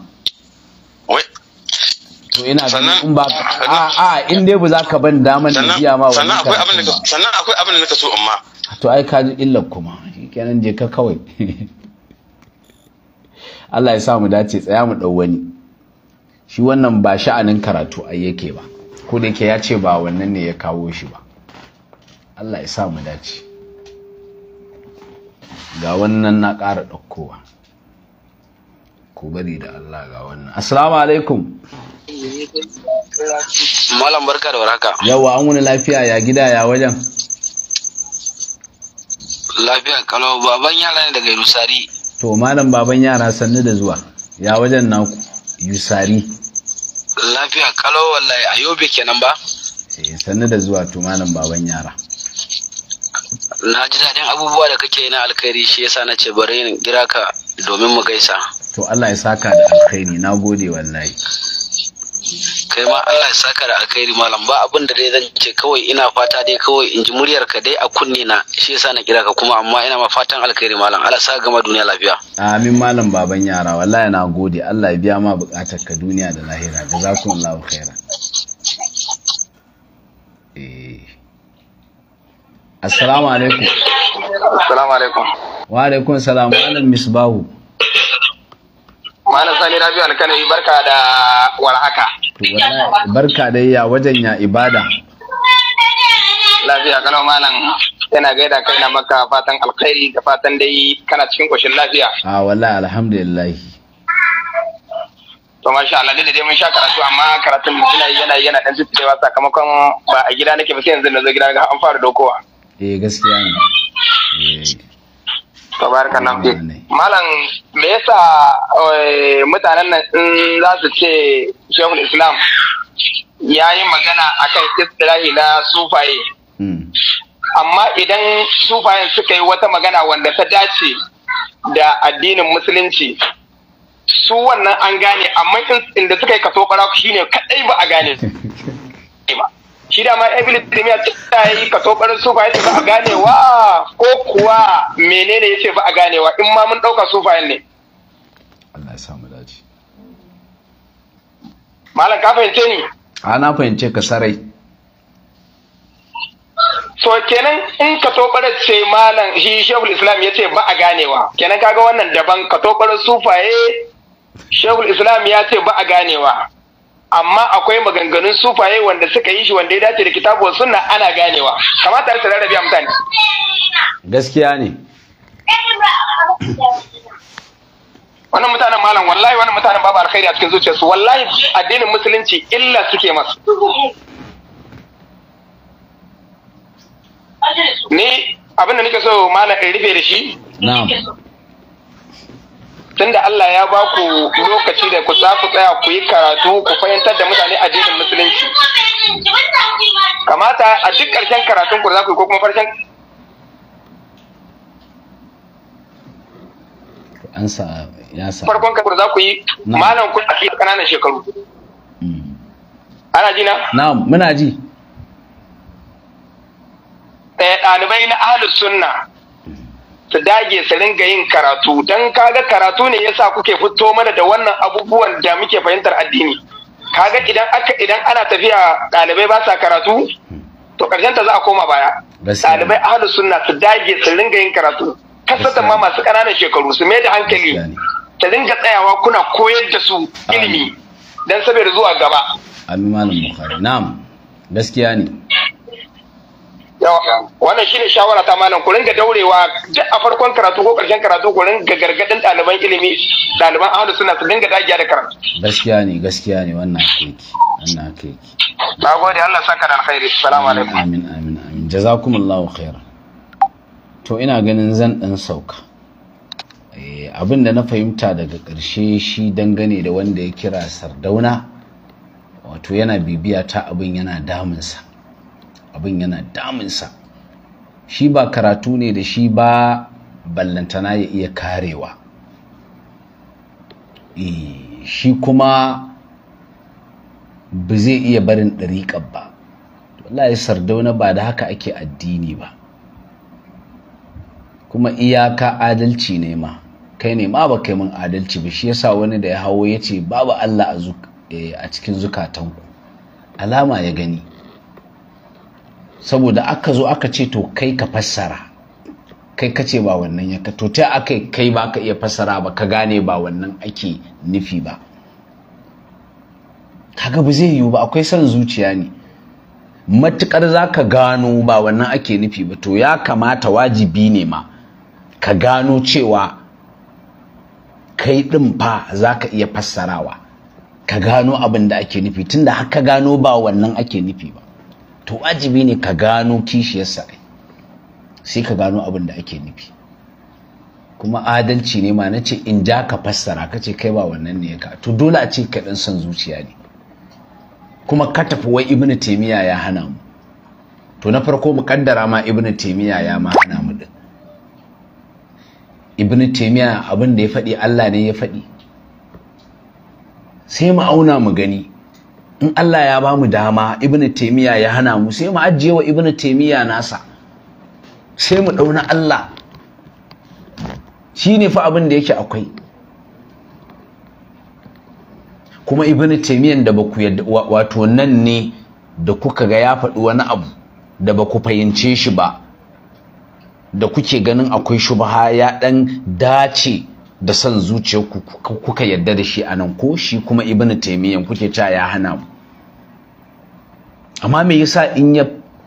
to ina ganin in ba a a in dai ba za ka ban damar da biya ma wannan karatun ba sannan akwai abin da nika so in ma to ai ka ji illar kuma kenan je ka kawai Allah ya sa mu dace tsaya mu dau wani shi wannan ba sha'anin karatu ai yake ba ko da yake ya ce ba wannan ne ya kawo shi ba Allah ya sa mu dace ga wannan na ƙara ɗaukowa ko bari da Allah ga wannan assalamu alaikum malam barka da warhaka yawa an wani lafiya ya gida ya wajen lafiya kalau baban yara ne daga yusari to malam baban yara sannu da zuwa ya wajen naku yusari lafiya kalau wallahi a yobe kenan ba eh sannu da zuwa to malam baban yara na ji daɗin abubuwa da kake yi na alkhairi shi yasa na ce bari in kira ka domin mu gaisa to Allah ya saka da alkhairi na gode wallahi kai ma Allah ya saka da alkhairi malam ba abin da dai zan ce kawai ina fata dai kawai in ji muryar ka dai a kunne na shi yasa na kira ka kuma amma ina ma fatan alkhairi malam Allah sa gama duniya lafiya amin malam baban yara wallahi na gode Allah ya biya ma bukatar ka duniya da lahira Allah khairan eh assalamu alaikum assalamu alaikum wa alaikum salam malam misbahu Malam Sani Rabiu yi barka da warhaka. Barka da ya wajen ya ibada. Lafiya kano malam yana gaida kai na maka fatan alkhairi da fatan dai kana cikin koshin lafiya. A wala alhamdulillah. To masha Allah dai dai mun sha karatu amma karatun ina yana yana dan tsitsewa sakamakon ba a gida nake ba sai yanzu na zo gida ga an fara dokowa. Eh gaskiya ne. Eh. malam me yasa eh, mutanen nan in za su ce shehul islam ya yi magana a akan istirahi na sufaye hmm. amma idan sufayen suka yi wata magana wanda ta dace da addinin musulunci su wannan an gane amma inda suka yi kaso shi ne kadai ba a gane ba shi da ma ibn taymiya ta yi ka tobarin sufa yace ba a ganewa ko kuwa menene yace ba a ganewa in ma mun dauka sufayen ne Allah ya mu dace malam ka fahimce ni a na fahimce ka sarai so kenan in ka tobarar ce malam shi shehul islam yace ba a ganewa kenan kaga wannan daban ka tobarar sufaye shehul islam ya ce ba a ganewa amma akwai maganganun sufaye wanda suka yi shi wanda ya dace da kitabu sunna ana ganewa kamata ta rarrabe mutane gaskiya ne wannan mutanen malam wallahi wannan mutanen babu alkhairi a cikin zuciyarsu wallahi addinin musulunci illa suke masu. ni abin da nake so malam in rufe da shi na'am tunda Allah ya ba ku lokaci da ku tsafi tsaya ku yi karatu ku fahimtar da mutane addinin musulunci kamata a duk ƙarshen karatun ku za ku yi ko kuma farshen an ya sa farkon kabar za ku yi malam ku a kananan shekaru mm. ana ji na na'am muna ji eh, ɗalibai na ahlus sunna su dage su ringa yin karatu don kaga karatu ne yasa kuke fito mana da wannan abubuwan da muke fahimtar addini kaga idan aka idan ana tafiya ɗalibai ba sa karatu to karshen ta za a koma baya ɗalibai ahlus sunna su dage su ringa yin karatu kasatan ma masu ƙananan shekaru su mai da hankali su ringa tsayawa kuna koyar da su ilimi dan saboda zuwa gaba amin malam bukhari na'am gaskiya ne wannan shine shawara ta malam ku ringa daurewa duk a farkon karatu ko karshen karatu ku ringa gargadin ɗaliban ilimi ɗaliban ahlus suna su dinga dagiya da karatu gaskiya ne gaskiya ne wannan hakiki wannan hakiki nagode Allah saka da alkhairi assalamu alaikum amin amin amin jazakumullahu khairan to ina ganin zan dan sauka eh, abin da na fahimta daga ƙarshe shi dangane da wanda ya kira sardauna wato yana bibiya ta abin yana damunsa abin yana damunsa shi ba karatu ne da shi ba ballantana ya iya karewa e, shi kuma ba zai iya barin ɗariƙar ba wallahi sardauna ba da haka ake addini ba kuma iyaka adalci ne ma kai ne ma ba kai min adalci ba shi yasa wani da ya hawo ya ce babu Allah a eh, cikin zukatanku alama ya gani saboda aka zo aka ce to kai ka fassara kai ka ce ba wannan ya to ta aka kai ba ka iya fassara ba ka gane ba wannan ake nufi ba kaga ba zai yiwu ba akwai son zuciya ne matukar za ka gano ba wannan ake nufi ba to ya kamata wajibi ne ma ka gano cewa kai ɗin fa za ka iya fassarawa ka gano abin da ake nufi tunda haka gano ba wannan ake nufi ba to wajibi ne ka gano kishiyarsa sai ka gano abin da ake nufi kuma adalci ne ma nace in ja ka fassara ka ce kai ba wannan ne ka to dole a ce ka dan son zuciya ne kuma ka tafi wai ibnu taymiya ya hana mu to na farko mu kaddara ma ibnu taymiya ya ma hana mu din ibnu taymiya abin da ya faɗi Allah ne ya faɗi sai mu auna mu gani in Allah ya bamu dama ibnu taymiya ya hana mu sai mu ajiye wa ibnu taymiya nasa sai mu dauna Allah shine fa abin da yake akwai kuma ibnu taymiyan da baku yadda wato nan ne da kuka ga ya faɗi wani abu da baku fahimce shi ba da kuke ganin akwai shubha ya dan dace da son zuciyarku kuka yadda da shi anan ko shi kuma ibnu taymiyan kuke cewa ya hana mu amma me yasa in ya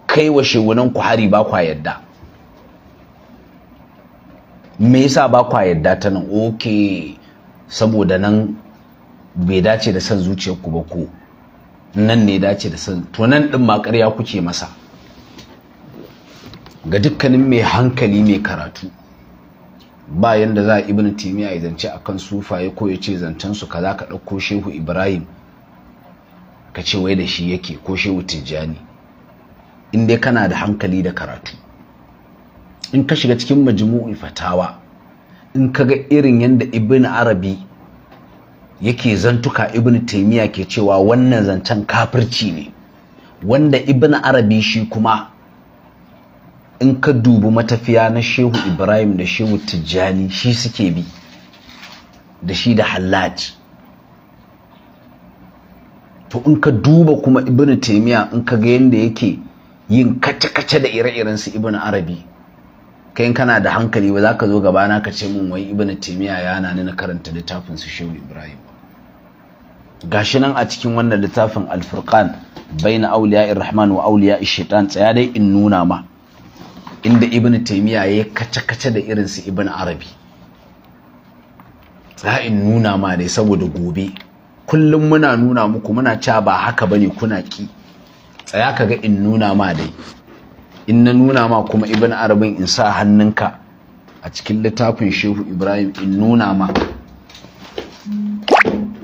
kai wa shegunan ku hari ba kwa yadda me yasa ba kwa yadda ta nan okay saboda nan bai dace da san zuciyar ku ba ko nan ne dace da san to nan din ma karya kuke masa ga dukkanin mai hankali mai karatu ba yanda za ibn timiya ya zance akan sufaye ko ya ce zancen kaza ka ɗauko shehu ibrahim ka ce wai da shi yake ko shehu tijjani in dai kana da hankali da karatu in ka shiga cikin majmu'i fatawa in ka ga irin yadda ibn arabi yake zantuka ibn taimiya ke cewa wannan zancen kafirci ne wanda ibn arabi shi kuma in ka dubi matafiya na shehu ibrahim da shehu tijjani shi suke bi da shi da hallaji to in ka duba kuma ibn taimiya in ka ga yadda yake yin kace-kace da ire-iren su ibn arabi kai kana da hankali ba za ka zo gaba na ka ce min wai ibn taimiya ya na na karanta littafin su shehu ibrahim gashi nan a cikin wannan littafin bai baina auliya Rahman wa auliya shaitan tsaya dai in nuna ma inda ibn taimiya ya kace-kace da irin su ibn arabi tsaya in nuna ma dai saboda gobe kullum muna nuna muku muna cewa ba haka bane kuna ki tsaya kaga in nuna ma dai in na nuna ma kuma ibn arabin in sa hannunka a cikin littafin shehu ibrahim in nuna ma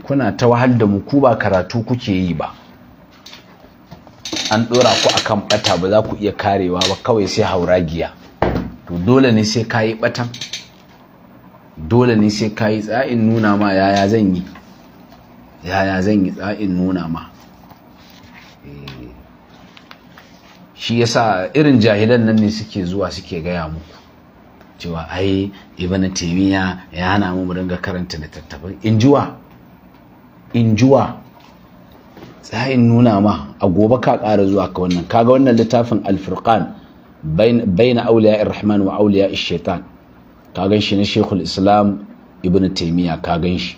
kuna ta wahal da muku ba karatu kuke yi ba an ɗora ku akan ɓata ba za ku iya karewa ba kawai sai hauragiya to dole ne sai ka yi dole ne sai ka yi in nuna ma yaya zan yi yaya zan yi tsa'in nuna ma eh, shi yasa irin jahilan nan ne suke zuwa suke gaya muku cewa ai ibn taymiya ya hana mu mu dinga karanta littattafan injuwa injuwa tsayin nuna ma a gobe ka ƙara zuwa ka wannan kaga wannan littafin alfurkan baina auliya rahman wa auliya shaitan ka gan shi na shekul islam ibn taymiya ka gan shi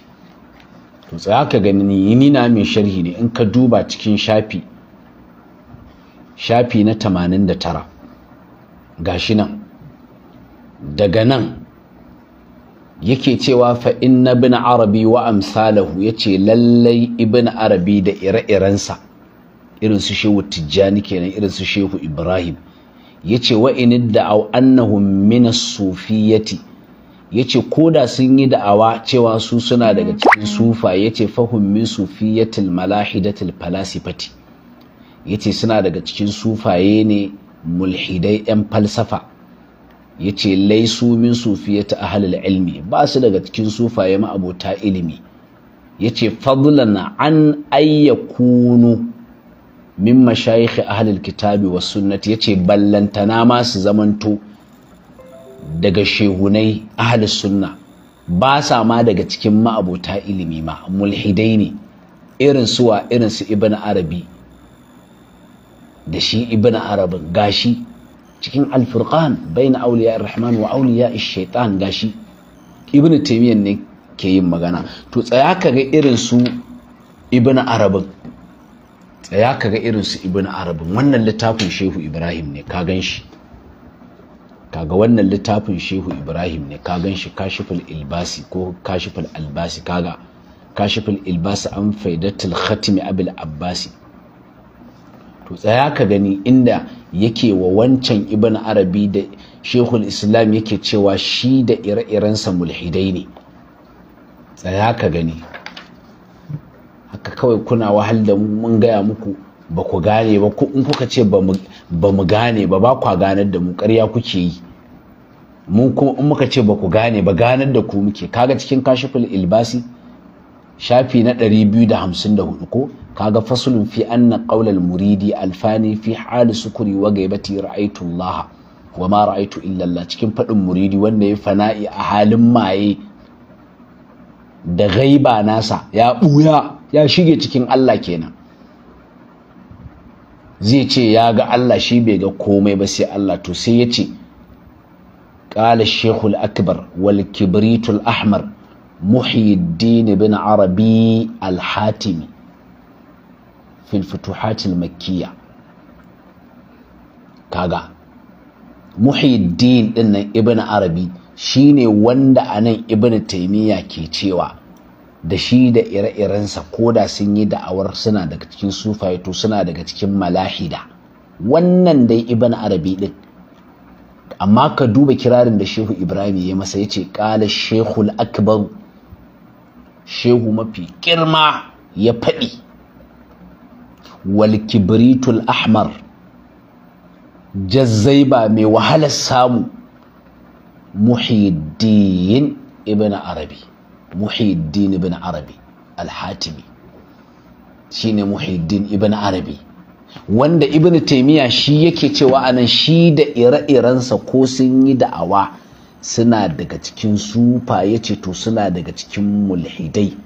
to ka gani ni na mai sharhi ne in ka duba cikin shafi shafi na 89 gashi nan daga nan yake cewa fa inna ibn arabi wa amsalahu yace lallai ibn arabi da ire-irensa irin su shehu tijjani kenan irin su shehu ibrahim yace wa inid da au annahum min as-sufiyati yace koda sun yi da'awa cewa su suna daga mm. cikin sufa yace fahum min sufiyatil malahidatil falasifati yace suna daga cikin sufaye ne mulhidai yan falsafa yace laisu min sufiyati ahlil ilmi ba su daga cikin sufaye ma abota ilimi yace fadlan an ayyakunu min mashayikh ahlul kitabi was sunnati yace ballantana ma su zamanto daga shehunai ahlus sunna ba sa ma daga cikin ma'abota ilimi ma mulhidai ne irin suwa irin su ibn arabi da shi ibn arabin gashi cikin alfurqan baina auliya rahman wa auliya shaitan gashi ibn taymiyyah ne ke yin magana to tsaya kaga irin su ibn arabin tsaya kaga irin su ibn arabin wannan littafin shehu ibrahim ne ka gan shi kaga wannan littafin shehu ibrahim ne ka gan shi kashifin ilbasi ko kashifin albasi kaga kashifin ilbasi an faidatul khatimi abul abbasi to tsaya ka gani inda yake wa wancan ibn arabi da Shehu islam yake cewa shi da ire-irensa mulhidai ne tsaya ka gani haka kawai kuna wahal da mun gaya muku ba ku gane ba in kuka ce ba mu ba mu gane ba ba kwa ganar da mu ƙarya kuke yi mun kuma in muka ce ba ku gane ba ganar da ku muke kaga cikin kashiful ilbasi shafi na 254 ko kaga fasulun fi anna qaulal muridi alfani fi hali sukuri wa gaibati ra'aitu, laha, wa ma ra'aytu illa Allah cikin faɗin muridi wanda ya fana'i a halin maye da gaiba nasa ya ɓuya ya shige cikin Allah kenan zai ce ya ga Allah shi bai ga komai ba sai Allah to sai ya ce ƙala shekul akbar wal kibritul ahmar muhyiddin bin arabi al-hatimi fil futuhatil makkiya kaga muhyiddin din nan ibn arabi shine wanda anan ibn Taimiyya ke cewa da shi da ire-irensa ko da sun yi da'awar suna daga cikin sufaye to suna daga cikin malahida wannan dai ibn arabi din amma ka duba kirarin da shehu ibrahim ya masa ya ce ƙala shehul akbar shehu mafi girma ya faɗi wal kibritul ahmar jazzaiba mai wahalar samu muhidiyin ibn arabi muhiddin ibn arabi al-hatimi shine muhiddin ibn arabi wanda ibn Taimiya shi yake cewa anan shi da ire-irensa ko sun yi da'awa suna daga cikin sufa ya ce to suna daga cikin mulhidai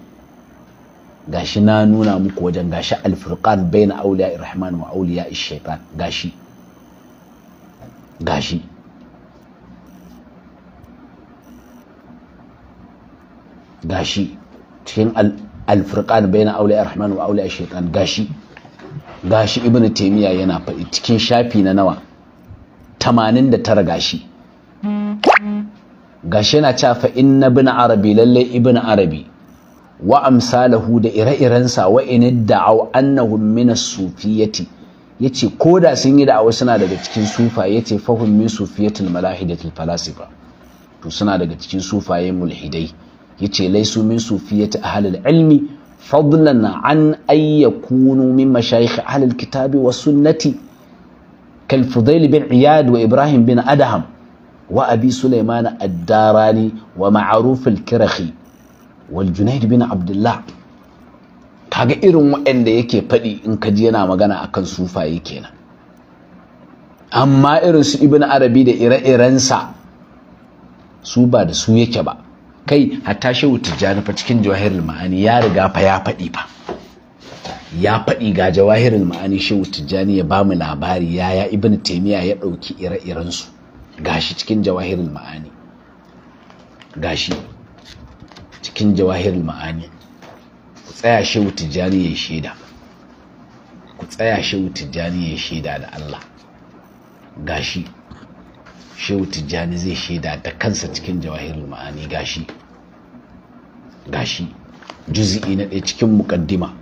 gashi na nuna muku wajen gashi alfurqan baina auliya irrahman wa auliya shaitan gashi gashi gashi cikin alfirqan aure a rahman wa aulai shaitan gashi gashi ibn taimiyya yana faɗi cikin shafi na nawa 89 gashi gashi yana cafa fa inna bin arabi lallai ibn arabi wa amsalahu da ire-irensa wa in da'aw annahum min as-sufiyyati yace koda sun yi da'awa suna daga cikin sufa yace fahum min sufiyatil malahidatil falasifa to suna daga cikin sufaye mulhidai yace laisu min sufiyati ahlul ilmi fadlan an ayyakunu min mashayikh ahlul kitabi was sunnati kal fudail bin iyad wa ibrahim bin adham wa abi sulaiman ad-darani wa ma'ruf al-kirakhi wal junayd bin abdullah kaga irin waɗanda yake faɗi in ka ji yana magana akan sufaye kenan amma irin su ibn arabi da ire-irensa su ba da su yake ba kai hatta shehu tijjani fa cikin jawahirul ma'ani ya riga fa ya faɗi fa ya faɗi ga jawahirul ma'ani shehu tijjani ya ba mu labari ya ibn taimiya ya ɗauki ire-irensu gashi cikin jawahirul ma'ani gashi cikin jawahirul ma'ani ku tsaya shehu jani ya shaida ku tsaya shehu jani ya shaida da Allah gashi shehu tijjani zai shaida da kansa cikin jawahirul ma'ani gashi gashi juzi'i na ɗaya cikin mukaddima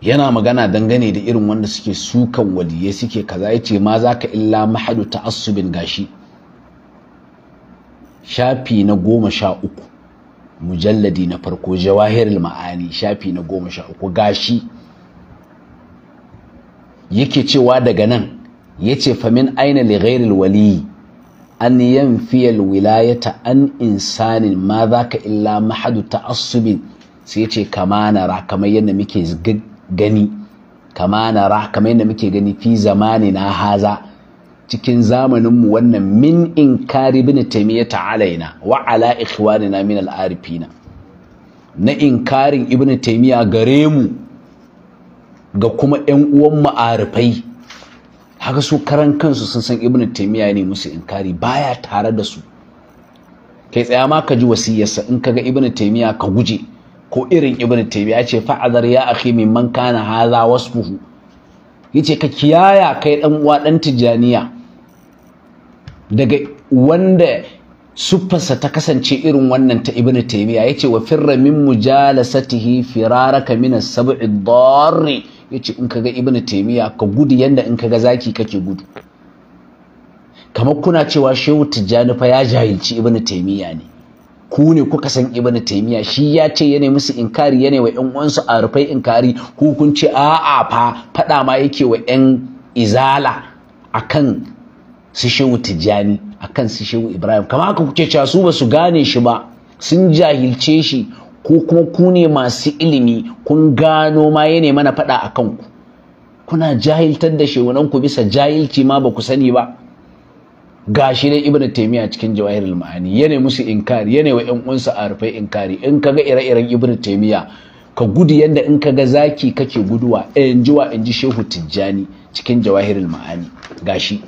yana magana dangane da irin wanda suke sukan waliyai suke kaza ya ce ma za ka illa mahadu ta'assubin gashi shafi na goma sha uku mujalladi na farko jawahirul ma'ani shafi na goma sha uku gashi yake cewa daga nan yace min aina li ghairil wali an al wilayata an insanin ma zaka illa mahadu ta'assub sai yace kama nara kamar yadda muke gani kama nara kamar yadda muke gani fi zamani na haza cikin zamaninmu wannan min inkari bin ta alaina wa ala ikhwanina min arifina na inkarin ibnu taimiya gare mu ga kuma 'yan uwan ma'arifai haka su karan kansu sun san ibnu taymiya ne musu inkari baya tare da su kai tsaya ma ka ji wasiyarsa in kaga ibnu taymiya ka guje ko irin ibnu taymiya ce fa'azar ya akhi man kana hadha wasfuhu yace ka kiyaya kai dan uwa dan tijaniya daga wanda suffarsa ta kasance irin wannan ta ibnu taymiya yace wa firra min mujalasatihi firaraka min as-sab'i ad-darri ce in kaga ibnu taymiya ka gudu yanda in kaga zaki kake gudu kamar kuna cewa shehu tijjani fa ya jahilci ibnu taymiya ne ku ne kuka san ibnu taymiya shi ya ce yana musu inkari yana wa ƴan uwansu a rufai inkari ku kun ce a'a fa fada ma yake wa ƴan izala akan su shehu tijjani akan su shehu ibrahim kamar haka kuke cewa su ba su gane shi ba sun jahilce shi ko kuma ku ne masu ilimi kun gano ma ya mana faɗa a kanku kuna jahiltar da shehunanku bisa jahilci ma ba ku sani ba gashi dai ibnu taymiya cikin jawahirul ma'ani yana musu inkari yana wa ƴan uwansa arfai inkari in kaga ire-iren ibnu taymiya ka gudu yanda in kaga zaki kake guduwa in jiwa in ji shehu tijjani cikin jawahirul ma'ani gashi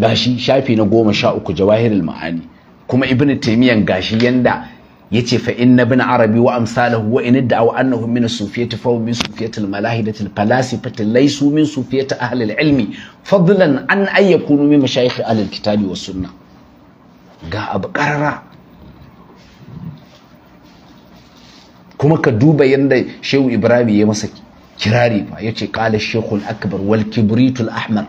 gashi shafi na goma sha uku jawahirul ma'ani kuma ibnu taymiyan gashi yanda yace fa inna bin arabi wa amsalahu wa in da'u annahum min as-sufiyati fa min sufiyati al-malahidati al-falasifati laysu min sufiyati ahli al-ilmi fadlan an ay yakunu min mashayikh ahli al-kitabi was sunnah ga abu karara kuma ka duba yanda shehu ibrahim ya masa kirari fa yace qala shaykhul akbar wal kibritul ahmar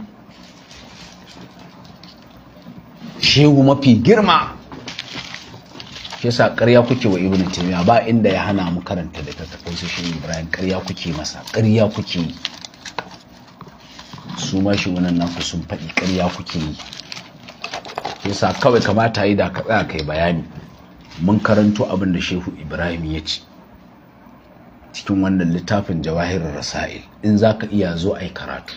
shehu mafi girma shi yasa ƙarya kuke wa ibnu taymiya ba inda ya hana mu karanta littattafai su shi ibrahim ƙarya kuke masa ƙarya kuke su ma shi wannan naku sun faɗi ƙarya kuke yi yasa kawai kamata yi da ka tsaya kai bayani mun karanto abin da shehu ibrahim ya ce cikin wannan littafin jawahirar rasa'il in za ka iya zo a yi karatu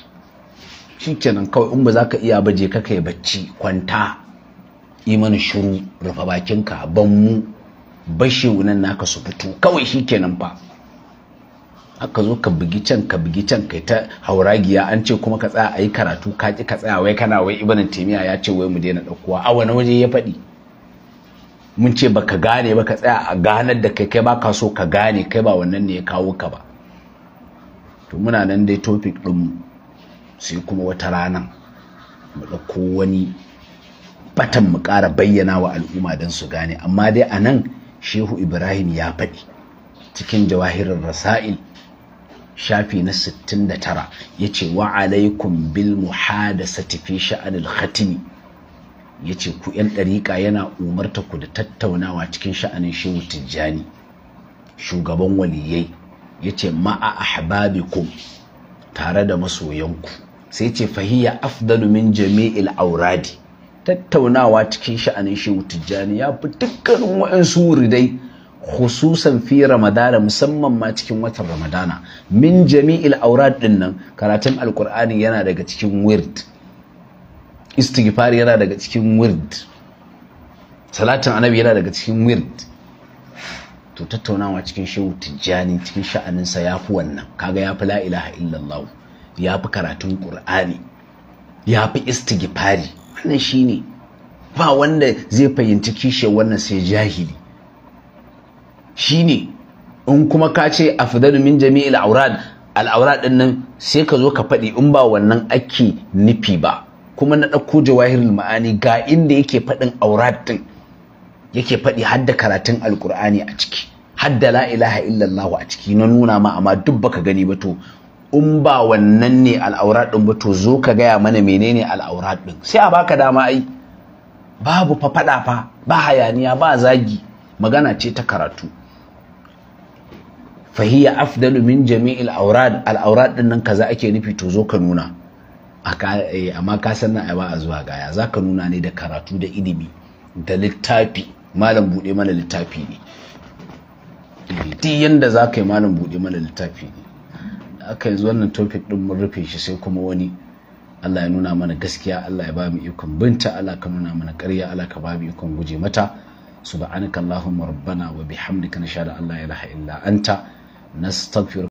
shi kenan kawai in ba za ka iya ba je ka kai bacci kwanta yi mana shiru rufe bakinka ban mu bashe nan naka su fito kawai shi kenan fa aka zo ka bugi can ka bugi can kai ta hauragiya an ce kuma ka tsaya a yi karatu ka ki ka tsaya wai kana wai Ibanin taymiya ya ce wai mu daina ɗaukowa a wani waje ya faɗi mun ce baka gane ba ka tsaya a ganar da kai kai baka so ka gane kai ba wannan ne ya kawo ka ba to muna nan dai topic ɗin sai kuma wata ranan mu ɗauko wani batan mu ƙara bayyana wa al'umma don su gane amma dai a nan shehu ibrahim ya faɗi cikin jawahirin rasa'il shafi na 69 ya ce wa alaikum bil muhadasati fi sha'anil khatimi ya ce ku 'yan ɗariƙa yana umarta ku da tattaunawa cikin sha'anin shehu tijjani shugaban waliyai ya ce ma'a ahbabikum tare da masoyanku sai ce fahiya afdalu min jami'il auradi tattaunawa cikin sha'anin shehu tijjani ya fi dukkanin wa'ansu wuridai khususan fi ramadana musamman ma cikin watan ramadana min jami'il aurat din nan karatun alkur'ani yana daga cikin wird istighfar yana daga cikin wird salatin annabi yana daga cikin wird to tattaunawa cikin shehu tijjani cikin sha'aninsa ya fi wannan kaga ya fi la ilaha illallah ya fi karatun qur'ani ya fi istighfari wannan shine ba wanda zai fahimci kishe wannan sai jahili shine in kuma ka ce afdalu min jami'il aurad al'aura din nan sai ka zo ka faɗi in ba wannan ake nufi ba kuma na ɗauko jawahirul ma'ani ga inda yake faɗin aurad din yake faɗi har da karatun alkur'ani a ciki har da la ilaha illallah a ciki na nuna ma amma duk baka gani ba to in ba wannan ne al'aurat ɗin ba to zo ka gaya mana menene al'aurat ɗin sai a baka dama ai babu fa faɗa fa ba hayaniya ba zagi magana ce ta karatu fahiya afdalu min jami'il aurad al'aurat ɗin nan kaza ake nufi to zo ka nuna eh, amma ka san nan ba a zuwa gaya za ka nuna ne da karatu da ilimi da littafi malam buɗe mana littafi ne duk yanda za yi malam buɗe mana littafi ne aka yanzu wannan topic din mun rufe shi sai kuma wani Allah ya nuna mana gaskiya Allah ya ba mu ikon binta Allah ka nuna mana ƙarya Allah ka ba mu ikon guje mata allahumma rabbana wa bihamdika nashhadu an la ilaha illa anta nastaghfiruka